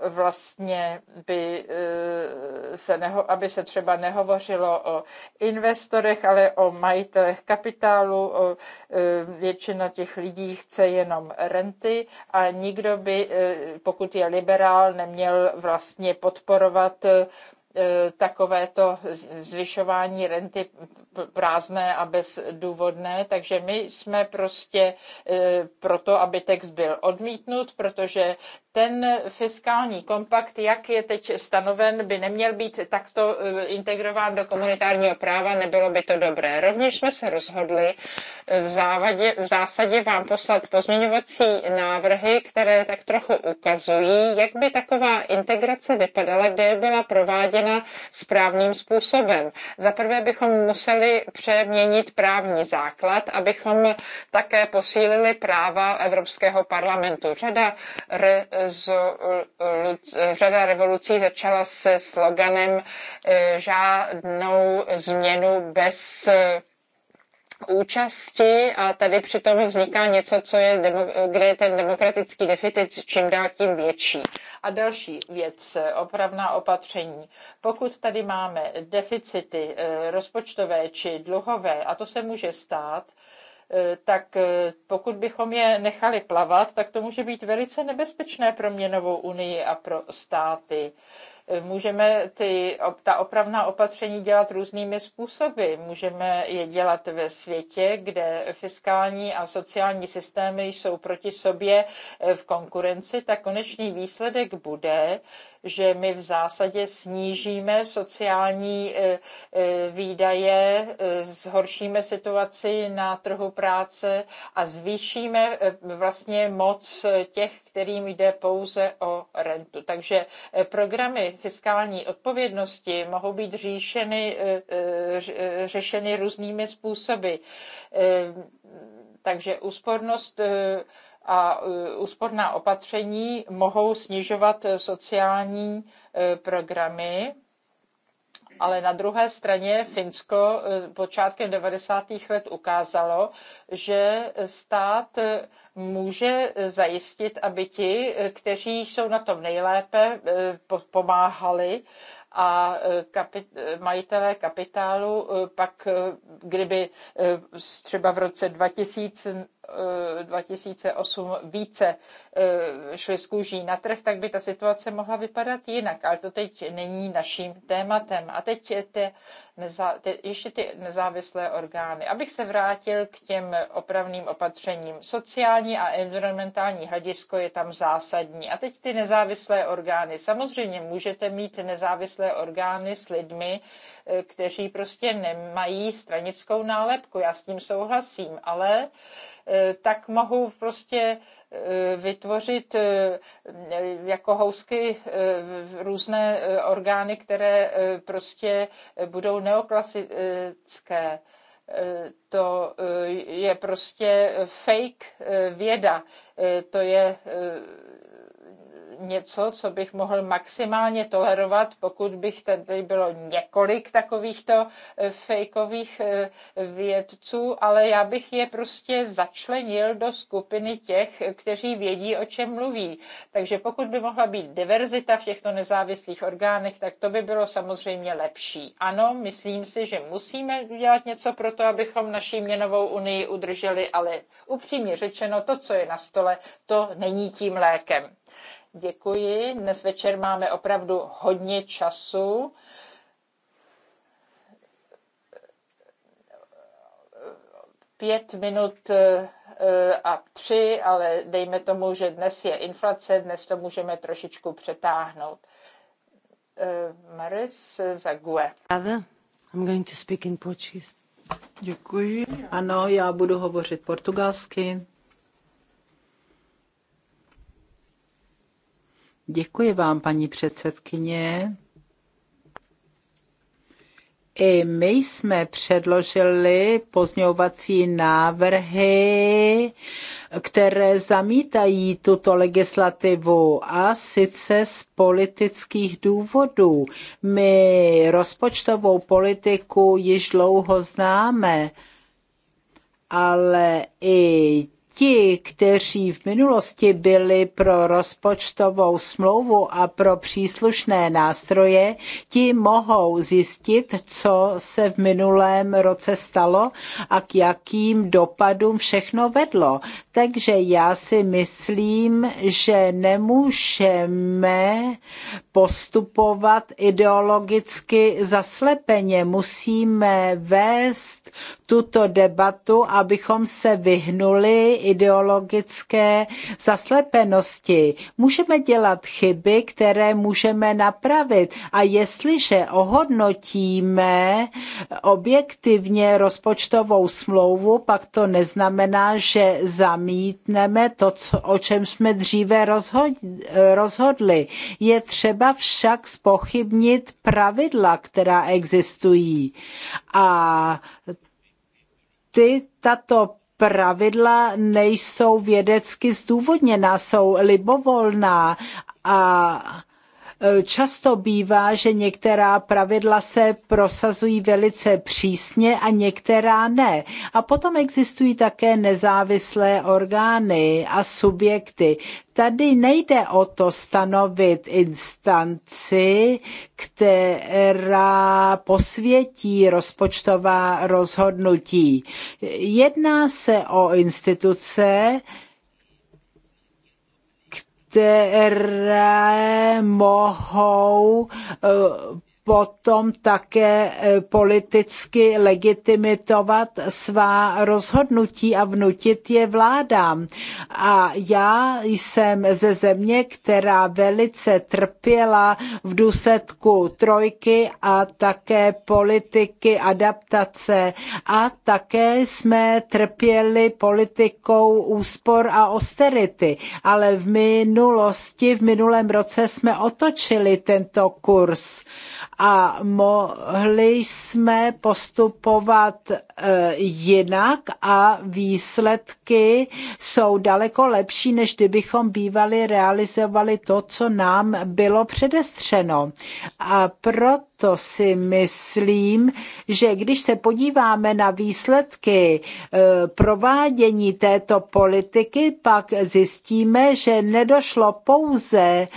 vlastně by eh, se, neho, aby se třeba nehovořilo o investorech, ale o majitelech kapitálu. O, eh, většina těch lidí chce jenom renty a nikdo by, eh, pokud je liberál, neměl vlastně podporovat E, takovéto zvyšování renty prázdné a bezdůvodné, takže my jsme prostě e, proto, aby text byl odmítnut, protože ten fiskální kompakt, jak je teď stanoven, by neměl být takto e, integrován do komunitárního práva, nebylo by to dobré. Rovněž jsme se rozhodli v, závadě, v zásadě vám poslat pozměňovací návrhy, které tak trochu ukazují, jak by taková integrace vypadala, kde byla prováděna řešena správným způsobem. Za prvé bychom museli přeměnit právní základ, abychom také posílili práva Evropského parlamentu. Řada, rezolu, řada revolucí začala se sloganem e, žádnou změnu bez účasti a tady přitom vzniká něco, co je, kde je ten demokratický deficit čím dál tím větší. A další věc, opravná opatření. Pokud tady máme deficity eh, rozpočtové či dluhové, a to se může stát, eh, tak eh, pokud bychom je nechali plavat, tak to může být velice nebezpečné pro měnovou unii a pro státy. Můžeme ty, ta opravná opatření dělat různými způsoby. Můžeme je dělat ve světě, kde fiskální a sociální systémy jsou proti sobě eh, v konkurenci, tak konečný výsledek bude, že my v zásadě snížíme sociální eh, eh, výdaje, eh, zhoršíme situaci na trhu práce a zvýšíme vlastně moc těch, kterým jde pouze o rentu. Takže programy fiskální odpovědnosti mohou být říšeny, řešeny různými způsoby. Takže úspornost a e, úsporná opatření mohou snižovat e, sociální e, programy, ale na druhé straně Finsko počátkem 90. let ukázalo, že stát může zajistit, aby ti, kteří jsou na tom nejlépe, pomáhali a e, kapit- majitelé kapitálu e, pak, e, kdyby třeba v roce 2000 2008 více šli z kůží na trh, tak by ta situace mohla vypadat jinak, ale to teď není naším tématem. A teď ty nezá, ty, ještě ty nezávislé orgány. Abych se vrátil k těm opravným opatřením. Sociální a environmentální hledisko je tam zásadní. A teď ty nezávislé orgány. Samozřejmě můžete mít nezávislé své orgány s lidmi, eh, kteří prostě nemají stranickou nálepku. Já s tím souhlasím, ale eh, tak mohou prostě eh, vytvořit jako housky různé orgány, které prostě budou neoklasické to je prostě fake věda. To je něco, co bych mohl maximálně tolerovat, pokud bych tady bylo několik takovýchto eh, fejkových eh, vědců, ale já bych je prostě začlenil do skupiny těch, kteří vědí, o čem mluví. Takže pokud by mohla být diverzita v těchto nezávislých orgánech, tak to by bylo samozřejmě lepší. Ano, myslím si, že musíme udělat něco pro to, abychom naší měnovou unii udrželi, ale upřímně řečeno, to, co je na stole, to není tím lékem. Děkuji. Dnes večer máme opravdu hodně času. Pět minut eh, eh, a tři, ale dejme tomu, že dnes je inflace, dnes to můžeme trošičku přetáhnout. Eh, Maris Zague. I'm going to speak in Portuguese. Děkuji. Ano, já budu hovořit portugalsky. Děkuji vám, paní předsedkyně. I my jsme předložili pozňovací návrhy, které zamítají tuto legislativu a sice z politických důvodů. My rozpočtovou politiku již dlouho známe, ale i ti, kteří v minulosti byli pro rozpočtovou smlouvu a pro příslušné nástroje, ti mohou zjistit, co se v minulém roce stalo a k jakým dopadům všechno vedlo. Takže já si myslím, že nemůžeme postupovat ideologicky zaslepeně. Musíme vést tuto debatu, abychom se vyhnuli ideologické zaslepenosti. Můžeme dělat chyby, které můžeme napravit a jestliže ohodnotíme objektivně rozpočtovou smlouvu, pak to neznamená, že zamítneme to, co, o čem jsme dříve rozhodli. Je třeba však spochybnit pravidla, která existují. A ty tato pravidla nejsou vědecky zdůvodněná, jsou libovolná a Často bývá, že některá pravidla se prosazují velice přísně a některá ne. A potom existují také nezávislé orgány a subjekty. Tady nejde o to stanovit instanci, která posvětí rozpočtová rozhodnutí. Jedná se o instituce, které mohou uh, potom také e, politicky legitimitovat svá rozhodnutí a vnutit je vládám. A já jsem ze země, která velice trpěla v důsledku trojky a také politiky adaptace a také jsme trpěli politikou úspor a austerity. Ale v minulosti, v minulém roce jsme otočili tento kurz a mohli jsme postupovat jinak a výsledky jsou daleko lepší, než kdybychom bývali realizovali to, co nám bylo předestřeno. A proto si myslím, že když se podíváme na výsledky eh, provádění této politiky, pak zjistíme, že nedošlo pouze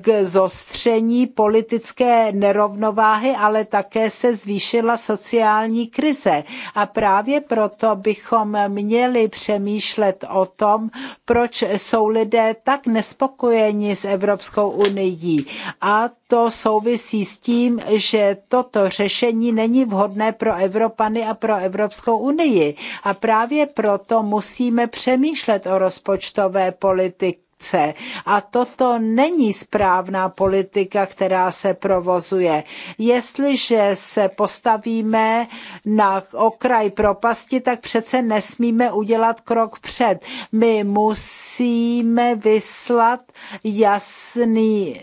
k zostření politické nerovnováhy, ale také se zvýšila sociální krize. A právě proto bychom měli přemýšlet o tom, proč jsou lidé tak nespokojeni s Evropskou unii. A to souvisí s tím, že toto řešení není vhodné pro Evropany a pro Evropskou unii. A právě proto musíme přemýšlet o rozpočtové politice produkce. A toto není správná politika, která se provozuje. Jestliže se postavíme na okraj propasti, tak přece nesmíme udělat krok před. My musíme vyslat jasný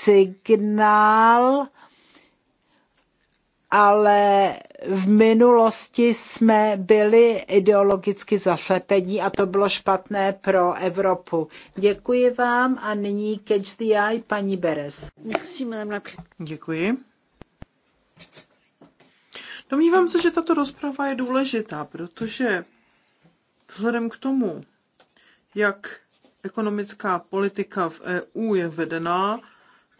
signál, ale v minulosti jsme byli ideologicky zaslepení a to bylo špatné pro Evropu. Děkuji vám a nyní Catch the Eye, paní Beres. Děkuji. Domnívám se, že tato rozprava je důležitá, protože vzhledem k tomu, jak ekonomická politika v EU je vedená,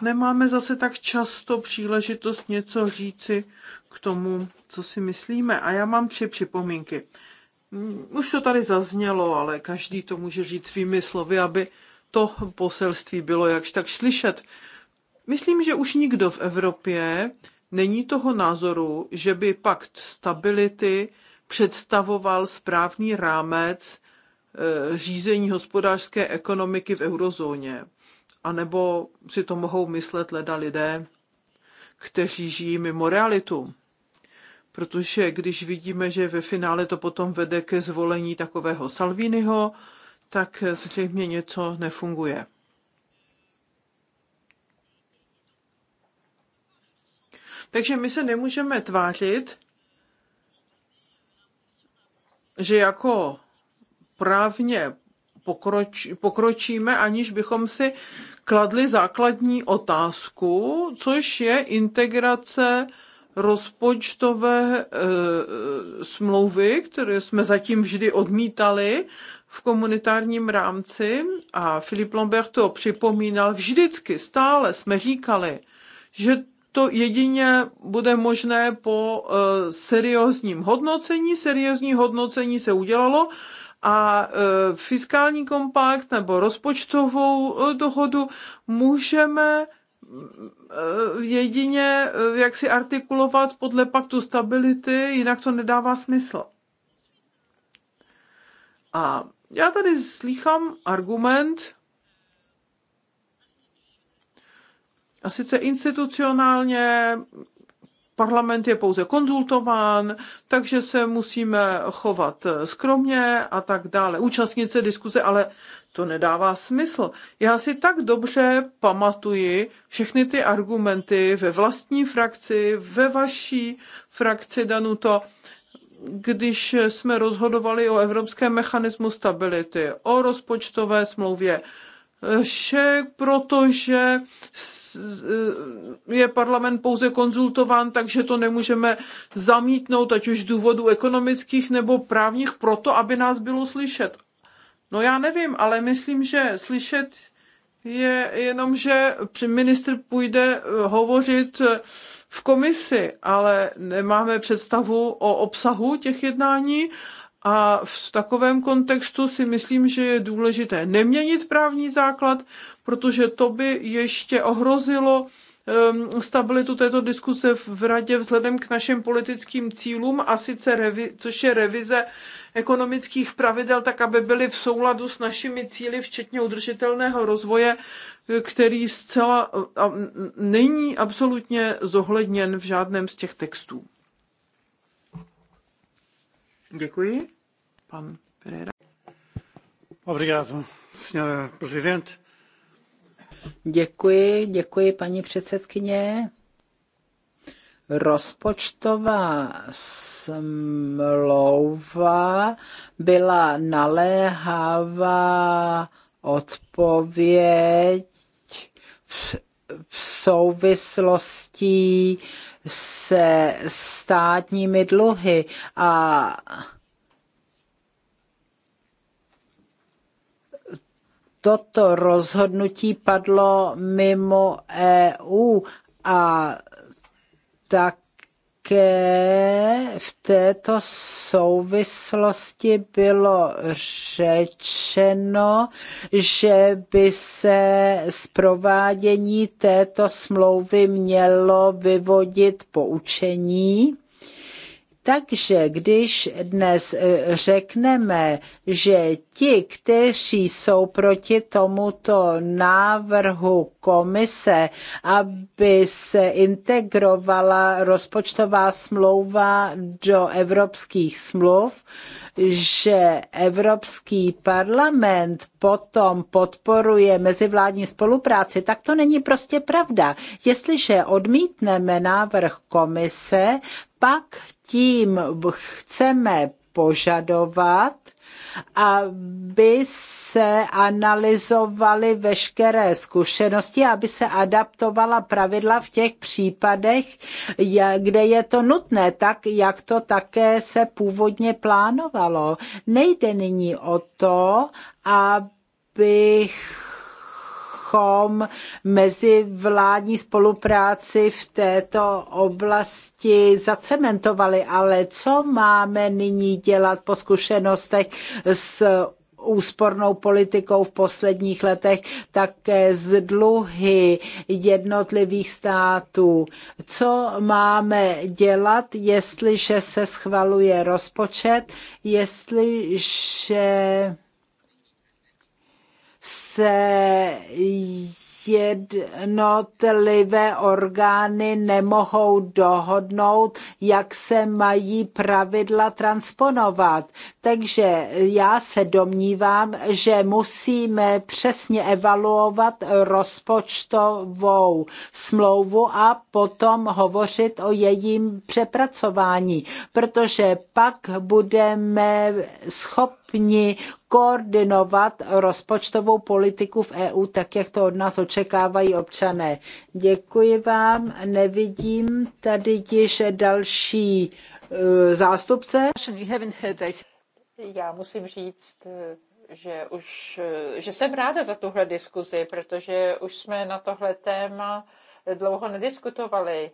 nemáme zase tak často příležitost něco říci k tomu, co si myslíme. A já mám tři připomínky. Mm, už to tady zaznělo, ale každý to může říct svými slovy, aby to poselství bylo jakž tak slyšet. Myslím, že už nikdo v Evropě není toho názoru, že by pakt stability představoval správný rámec eh, řízení hospodářské ekonomiky v eurozóně anebo si to mohou myslet leda lidé, kteří žijí mimo realitu. Protože když vidíme, že ve finále to potom vede ke zvolení takového Salviniho, tak zřejmě něco nefunguje. Takže my se nemůžeme tvářit, že jako právně pokroč, pokročíme, aniž bychom si kladli základní otázku, což je integrace rozpočtové e, smlouvy, které jsme zatím vždy odmítali v komunitárním rámci. A Filip Lambert to připomínal vždycky, stále jsme říkali, že to jedině bude možné po e, seriózním hodnocení. Seriózní hodnocení se udělalo a e, fiskální kompakt nebo rozpočtovou e, dohodu můžeme e, jedině jak si artikulovat podle paktu stability, jinak to nedává smysl. A já tady slýchám argument, a sice institucionálně Parlament je pouze konzultován, takže se musíme chovat skromně a tak dále. Účastnit se diskuze, ale to nedává smysl. Já si tak dobře pamatuji všechny ty argumenty ve vlastní frakci, ve vaší frakci, Danuto, když jsme rozhodovali o Evropském mechanismu stability, o rozpočtové smlouvě, šek, protože je parlament pouze konzultován, takže to nemůžeme zamítnout, ať už z důvodu ekonomických nebo právních, proto, aby nás bylo slyšet. No já nevím, ale myslím, že slyšet je jenom, že ministr půjde eh, hovořit eh, v komisi, ale nemáme představu o obsahu těch jednání a v takovém kontextu si myslím, že je důležité neměnit právní základ, protože to by ještě ohrozilo ehm, stabilitu této diskuse v radě vzhledem k našim politickým cílům, a sice revi, což je revize ekonomických pravidel, tak aby byly v souladu s našimi cíly, včetně udržitelného rozvoje, který zcela není absolutně zohledněn v žádném z těch textů. Děkuji. Pan Pereira. Obrigado, senhora presidente. Děkuji, děkuji paní předsedkyně. Rozpočtová smlouva byla naléhavá odpověď v souvislosti se státními dluhy a toto rozhodnutí padlo mimo EU a tak také prostě v této souvislosti bylo řečeno, že by se z provádění této smlouvy mělo vyvodit poučení takže když dnes e, řekneme, že ti, kteří jsou proti tomuto návrhu komise, aby se integrovala rozpočtová smlouva do evropských smluv, že Evropský parlament potom podporuje mezivládní spolupráci, tak to není prostě pravda. Jestliže odmítneme návrh komise, pak tím chceme požadovat, aby se analyzovaly veškeré zkušenosti, aby se adaptovala pravidla v těch případech, kde je to nutné, tak jak to také se původně plánovalo. Nejde nyní o to, abych bychom mezi vládní spolupráci v této oblasti zacementovali. Ale co máme nyní dělat po zkušenostech s úspornou politikou v posledních letech, také z dluhy jednotlivých států. Co máme dělat, jestliže se schvaluje rozpočet, jestliže se jednotlivé orgány nemohou dohodnout, jak se mají pravidla transponovat. Takže já se domnívám, že musíme přesně evaluovat rozpočtovou smlouvu a potom hovořit o jejím přepracování, protože pak budeme schopni schopni koordinovat rozpočtovou politiku v EU, tak jak to od nás očekávají občané. Děkuji vám, nevidím tady již další eh, zástupce. Já musím říct, eh, že, už, eh, že jsem ráda za tuhle diskuzi, protože už jsme na tohle téma dlouho nediskutovali.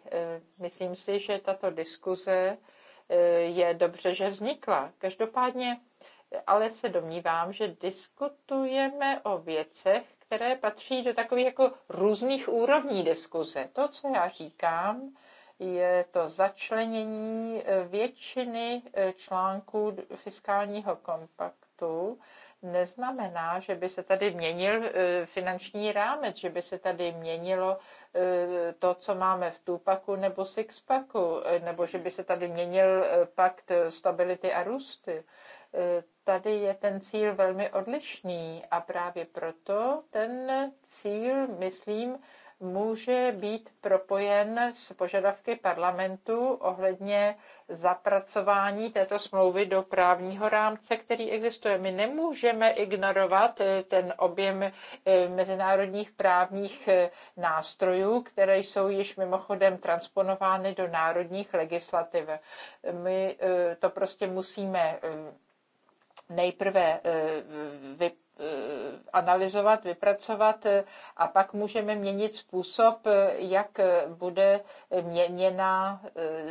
Myslím si, že tato diskuze je dobře, že vznikla. Každopádně ale se domnívám, že diskutujeme o věcech, které patří do takových jako různých úrovní diskuze. To, co já říkám, je to začlenění eh, většiny eh, článků fiskálního kompaktu. Neznamená, že by se tady měnil eh, finanční rámec, že by se tady měnilo to, co máme v Tupaku nebo Sixpaku, nebo že by se tady měnil pakt stability a růstu tady je ten cíl velmi odlišný a právě proto ten cíl, myslím, může být propojen s požadavky parlamentu ohledně zapracování této smlouvy do právního rámce, který existuje. My nemůžeme ignorovat eh, ten objem eh, mezinárodních právních eh, nástrojů, které jsou již mimochodem transponovány do národních legislativ. My to prostě musíme nejprve eh, vy, eh, analyzovat, vypracovat eh, a pak můžeme měnit způsob, jak bude měněna,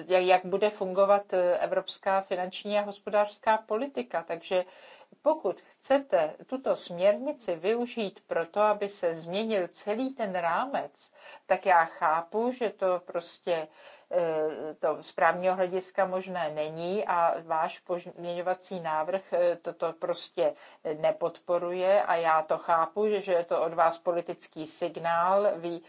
jak bude fungovat evropská finanční a hospodářská politika. Takže pokud chcete tuto směrnici využít pro to, aby se změnil celý ten rámec, tak já chápu, že to prostě E, to z právního hlediska možné není a váš pozměňovací návrh e, toto prostě nepodporuje a já to chápu, že, je to od vás politický signál, vy, e,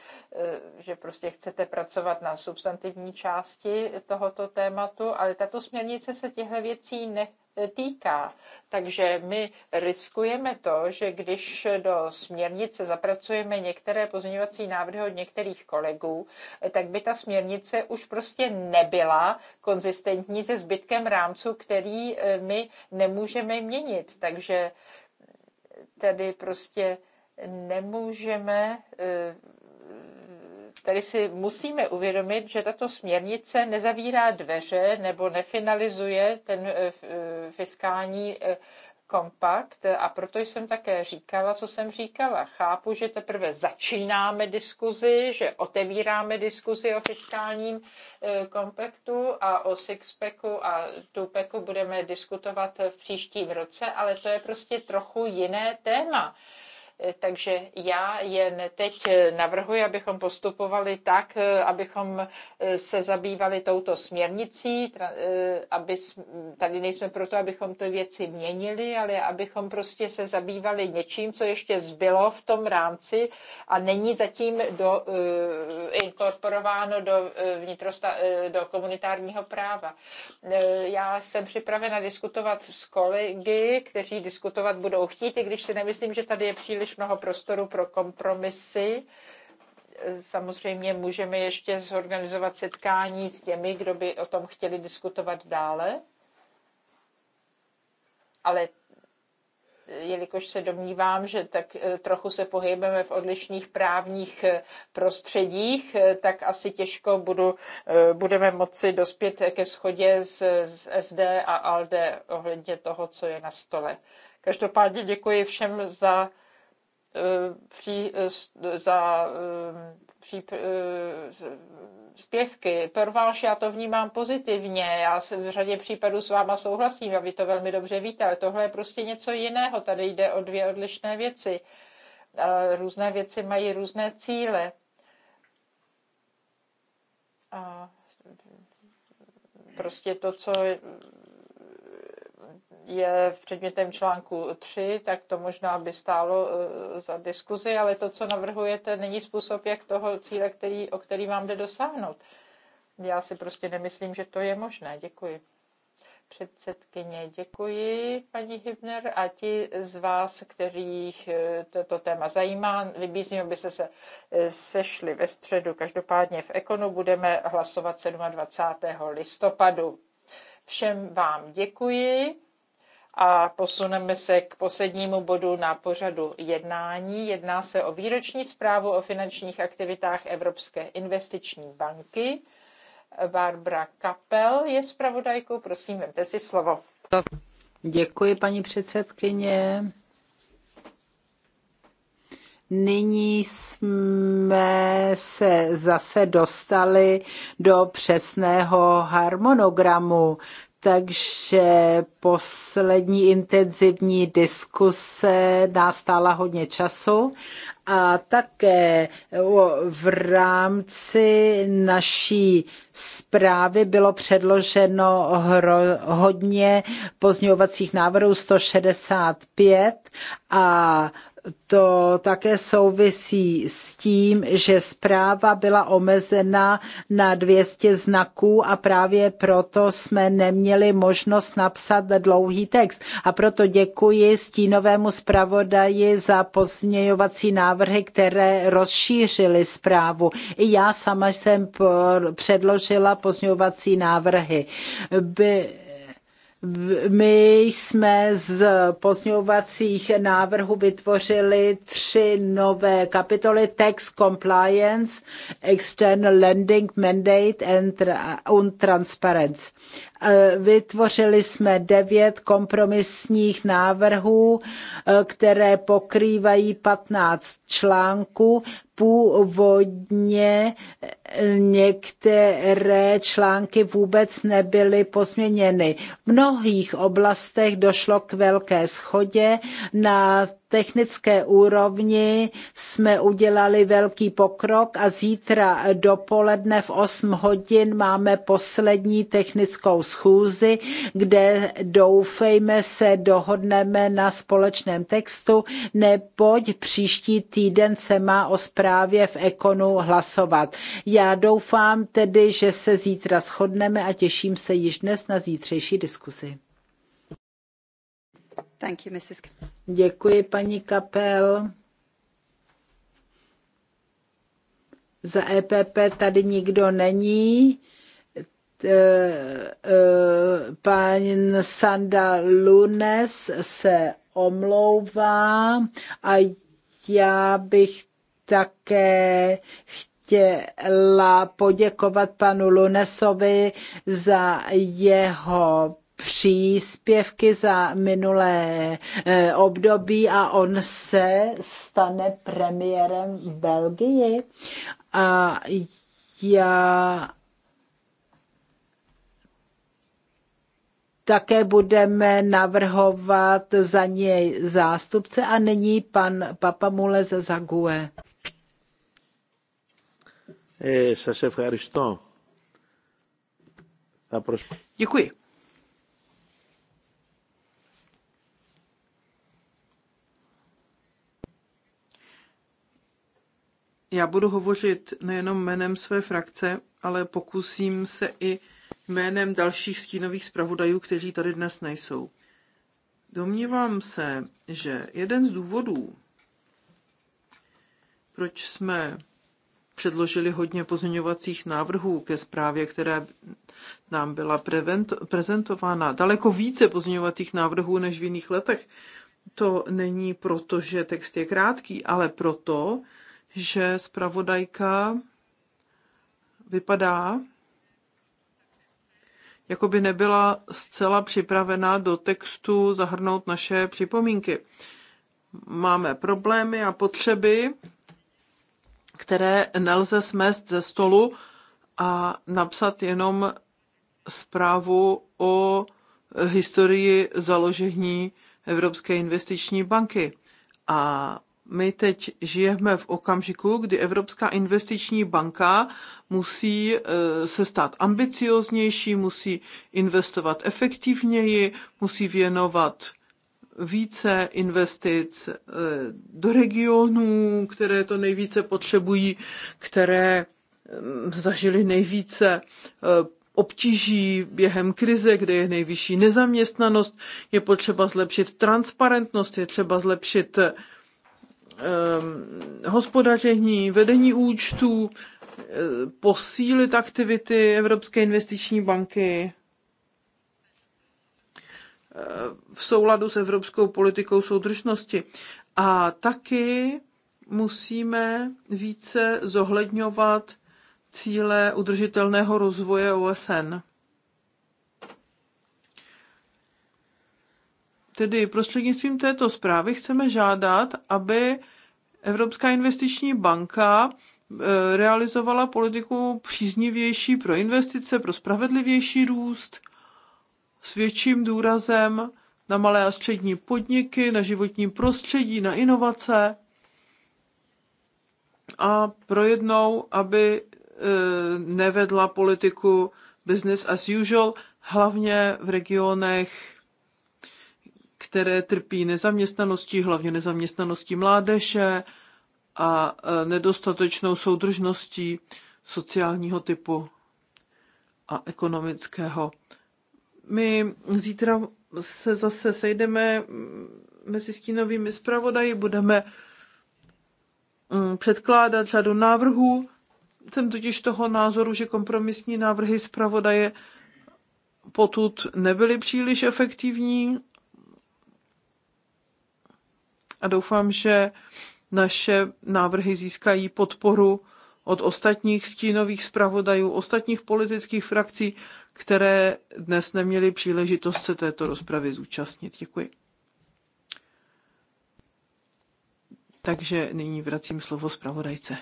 že prostě chcete pracovat na substantivní části tohoto tématu, ale tato směrnice se těchto věcí nech týká. Takže my riskujeme to, že když do směrnice zapracujeme některé pozměňovací návrhy od některých kolegů, tak by ta směrnice už prostě nebyla konzistentní se zbytkem rámců, který eh, my nemůžeme měnit. Takže tady prostě nemůžeme eh, Tady si musíme uvědomit, že tato směrnice nezavírá dveře nebo nefinalizuje ten eh, eh, fiskální eh, kompakt a proto jsem také říkala, co jsem říkala. Chápu, že teprve začínáme diskuzi, že otevíráme diskuzi o fiskálním kompaktu a o sixpacku a tupeku budeme diskutovat v příštím roce, ale to je prostě trochu jiné téma. Eh, takže já jen teď eh, navrhuji, abychom postupovali tak, eh, abychom se zabývali touto směrnicí, aby tady nejsme proto, abychom ty věci měnili, ale abychom prostě se zabývali něčím, co ještě zbylo v tom rámci a není zatím do, inkorporováno do, vnitrosta, do komunitárního práva. Já jsem připravena diskutovat s kolegy, kteří diskutovat budou chtít, i když si nemyslím, že tady je příliš příliš mnoho prostoru pro kompromisy. Samozřejmě můžeme ještě zorganizovat setkání s těmi, kdo by o tom chtěli diskutovat dále. Ale jelikož se domnívám, že tak eh, trochu se pohybeme v odlišných právních eh, prostředích, eh, tak asi těžko budu, budeme moci dospět ke schodě s, s SD a ALDE ohledně toho, co je na stole. Každopádně děkuji všem za Eh, pří, eh, za eh, pří, zpěvky. Prválš, já to vnímám pozitivně, já se v řadě případů s váma souhlasím a vy to velmi dobře víte, ale tohle je prostě něco jiného, tady jde o dvě odlišné věci. Různé věci mají různé cíle. A prostě to, co je v předmětem článku 3, tak to možná by stálo eh, za diskuzi, ale to, co navrhujete, není způsob, jak toho cíle, který, o který vám jde dosáhnout. Já si prostě nemyslím, že to je možné. Děkuji. Předsedkyně, děkuji, paní Hybner. A ti z vás, kterých eh, toto téma zajímá, vybízím, aby se, se eh, sešli ve středu. Každopádně v Ekonu budeme hlasovat 27. listopadu. Všem vám děkuji a posuneme se k poslednímu bodu na pořadu jednání. Jedná se o výroční zprávu o finančních aktivitách Evropské investiční banky. Barbara Kapel je zpravodajkou. Prosím, vemte si slovo. Děkuji, paní předsedkyně. Nyní jsme se zase dostali do přesného harmonogramu takže poslední intenzivní diskuse nás stála hodně času a také v rámci naší zprávy bylo předloženo hodně pozňovacích návrhů 165 a to také souvisí s tím, že zpráva byla omezena na 200 znaků a právě proto jsme neměli možnost napsat dlouhý text. A proto děkuji stínovému zpravodaji za pozměňovací návrhy, které rozšířily zprávu. I já sama jsem předložila pozměňovací návrhy. By my jsme z pozňovacích návrhů vytvořili tři nové kapitoly Tax Compliance, External Lending Mandate and, Transparency. Eh, vytvořili jsme devět kompromisních návrhů, eh, které pokrývají 15 článků. Původně eh, některé články vůbec nebyly pozměněny. V mnohých oblastech došlo k velké schodě na technické úrovni jsme udělali velký pokrok a zítra dopoledne v 8 hodin máme poslední technickou schůzi, kde doufejme se dohodneme na společném textu, neboť příští týden se má o zprávě v Ekonu hlasovat. Já doufám tedy, že se zítra shodneme a těším se již dnes na zítřejší diskusi. You, Děkuji, paní Kapel. Za EPP tady nikdo není. E, Pán Sanda Lunes se omlouvá a já bych také chtěla poděkovat panu Lunesovi za jeho příspěvky za minulé eh, období a on se stane premiérem v Belgii. A já také budeme navrhovat za něj zástupce a nyní pan Papamule ze Zague. Eh, Děkuji. Já budu hovořit nejenom jménem své frakce, ale pokusím se i jménem dalších stínových zpravodajů, kteří tady dnes nejsou. Domnívám se, že jeden z důvodů, proč jsme předložili hodně pozměňovacích návrhů ke zprávě, která nám byla prezentována, daleko více pozměňovacích návrhů než v jiných letech, to není proto, že text je krátký, ale proto, že zpravodajka vypadá, jako by nebyla zcela připravená do textu zahrnout naše připomínky. Máme problémy a potřeby, které nelze smést ze stolu a napsat jenom zprávu o historii založení Evropské investiční banky. A my teď žijeme v okamžiku, kdy Evropská investiční banka musí eh, se stát ambicioznější, musí investovat efektivněji, musí věnovat více investic eh, do regionů, které to nejvíce potřebují, které mm, zažili nejvíce eh, obtíží během krize, kde je nejvyšší nezaměstnanost, je potřeba zlepšit transparentnost, je třeba zlepšit Ehm, hospodaření, vedení účtů, eh, posílit aktivity Evropské investiční banky eh, v souladu s evropskou politikou soudržnosti. A taky musíme více zohledňovat cíle udržitelného rozvoje OSN. Tedy prostřednictvím této zprávy chceme žádat, aby Evropská investiční banka e, realizovala politiku příznivější pro investice, pro spravedlivější růst s větším důrazem na malé a střední podniky, na životní prostředí, na inovace a projednou, aby e, nevedla politiku business as usual, hlavně v regionech které trpí nezaměstnaností, hlavně nezaměstnaností mládeže a e, nedostatečnou soudržností sociálního typu a ekonomického. My zítra se zase sejdeme mm, mezi stínovými zpravodaji, budeme mm, předkládat řadu návrhů. Jsem totiž toho názoru, že kompromisní návrhy zpravodaje potud nebyly příliš efektivní a doufám, že naše návrhy získají podporu od ostatních stínových zpravodajů, ostatních politických frakcí, které dnes neměly příležitost se této rozpravy zúčastnit. Děkuji. Takže nyní vracím slovo zpravodajce.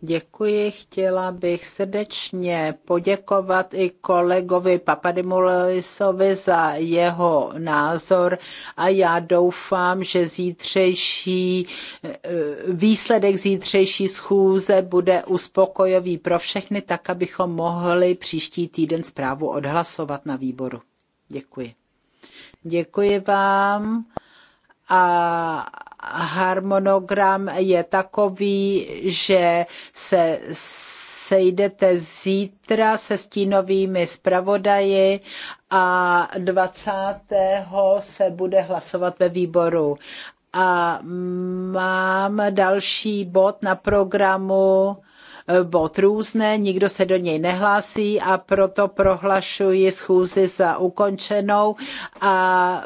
Děkuji, chtěla bych srdečně poděkovat i kolegovi Papadimulisovi za jeho názor a já doufám, že zítřejší eh, výsledek zítřejší schůze bude uspokojivý pro všechny, tak abychom mohli příští týden zprávu odhlasovat na výboru. Děkuji. Děkuji vám a harmonogram je takový, že se sejdete zítra se stínovými zpravodaji a 20. se bude hlasovat ve výboru. A mám další bod na programu E, bod různé, nikdo se do něj nehlásí a proto prohlašuji schůzi za ukončenou a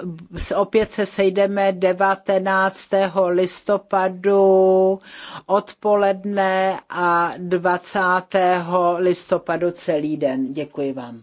opět se sejdeme 19. listopadu odpoledne a 20. listopadu celý den. Děkuji vám.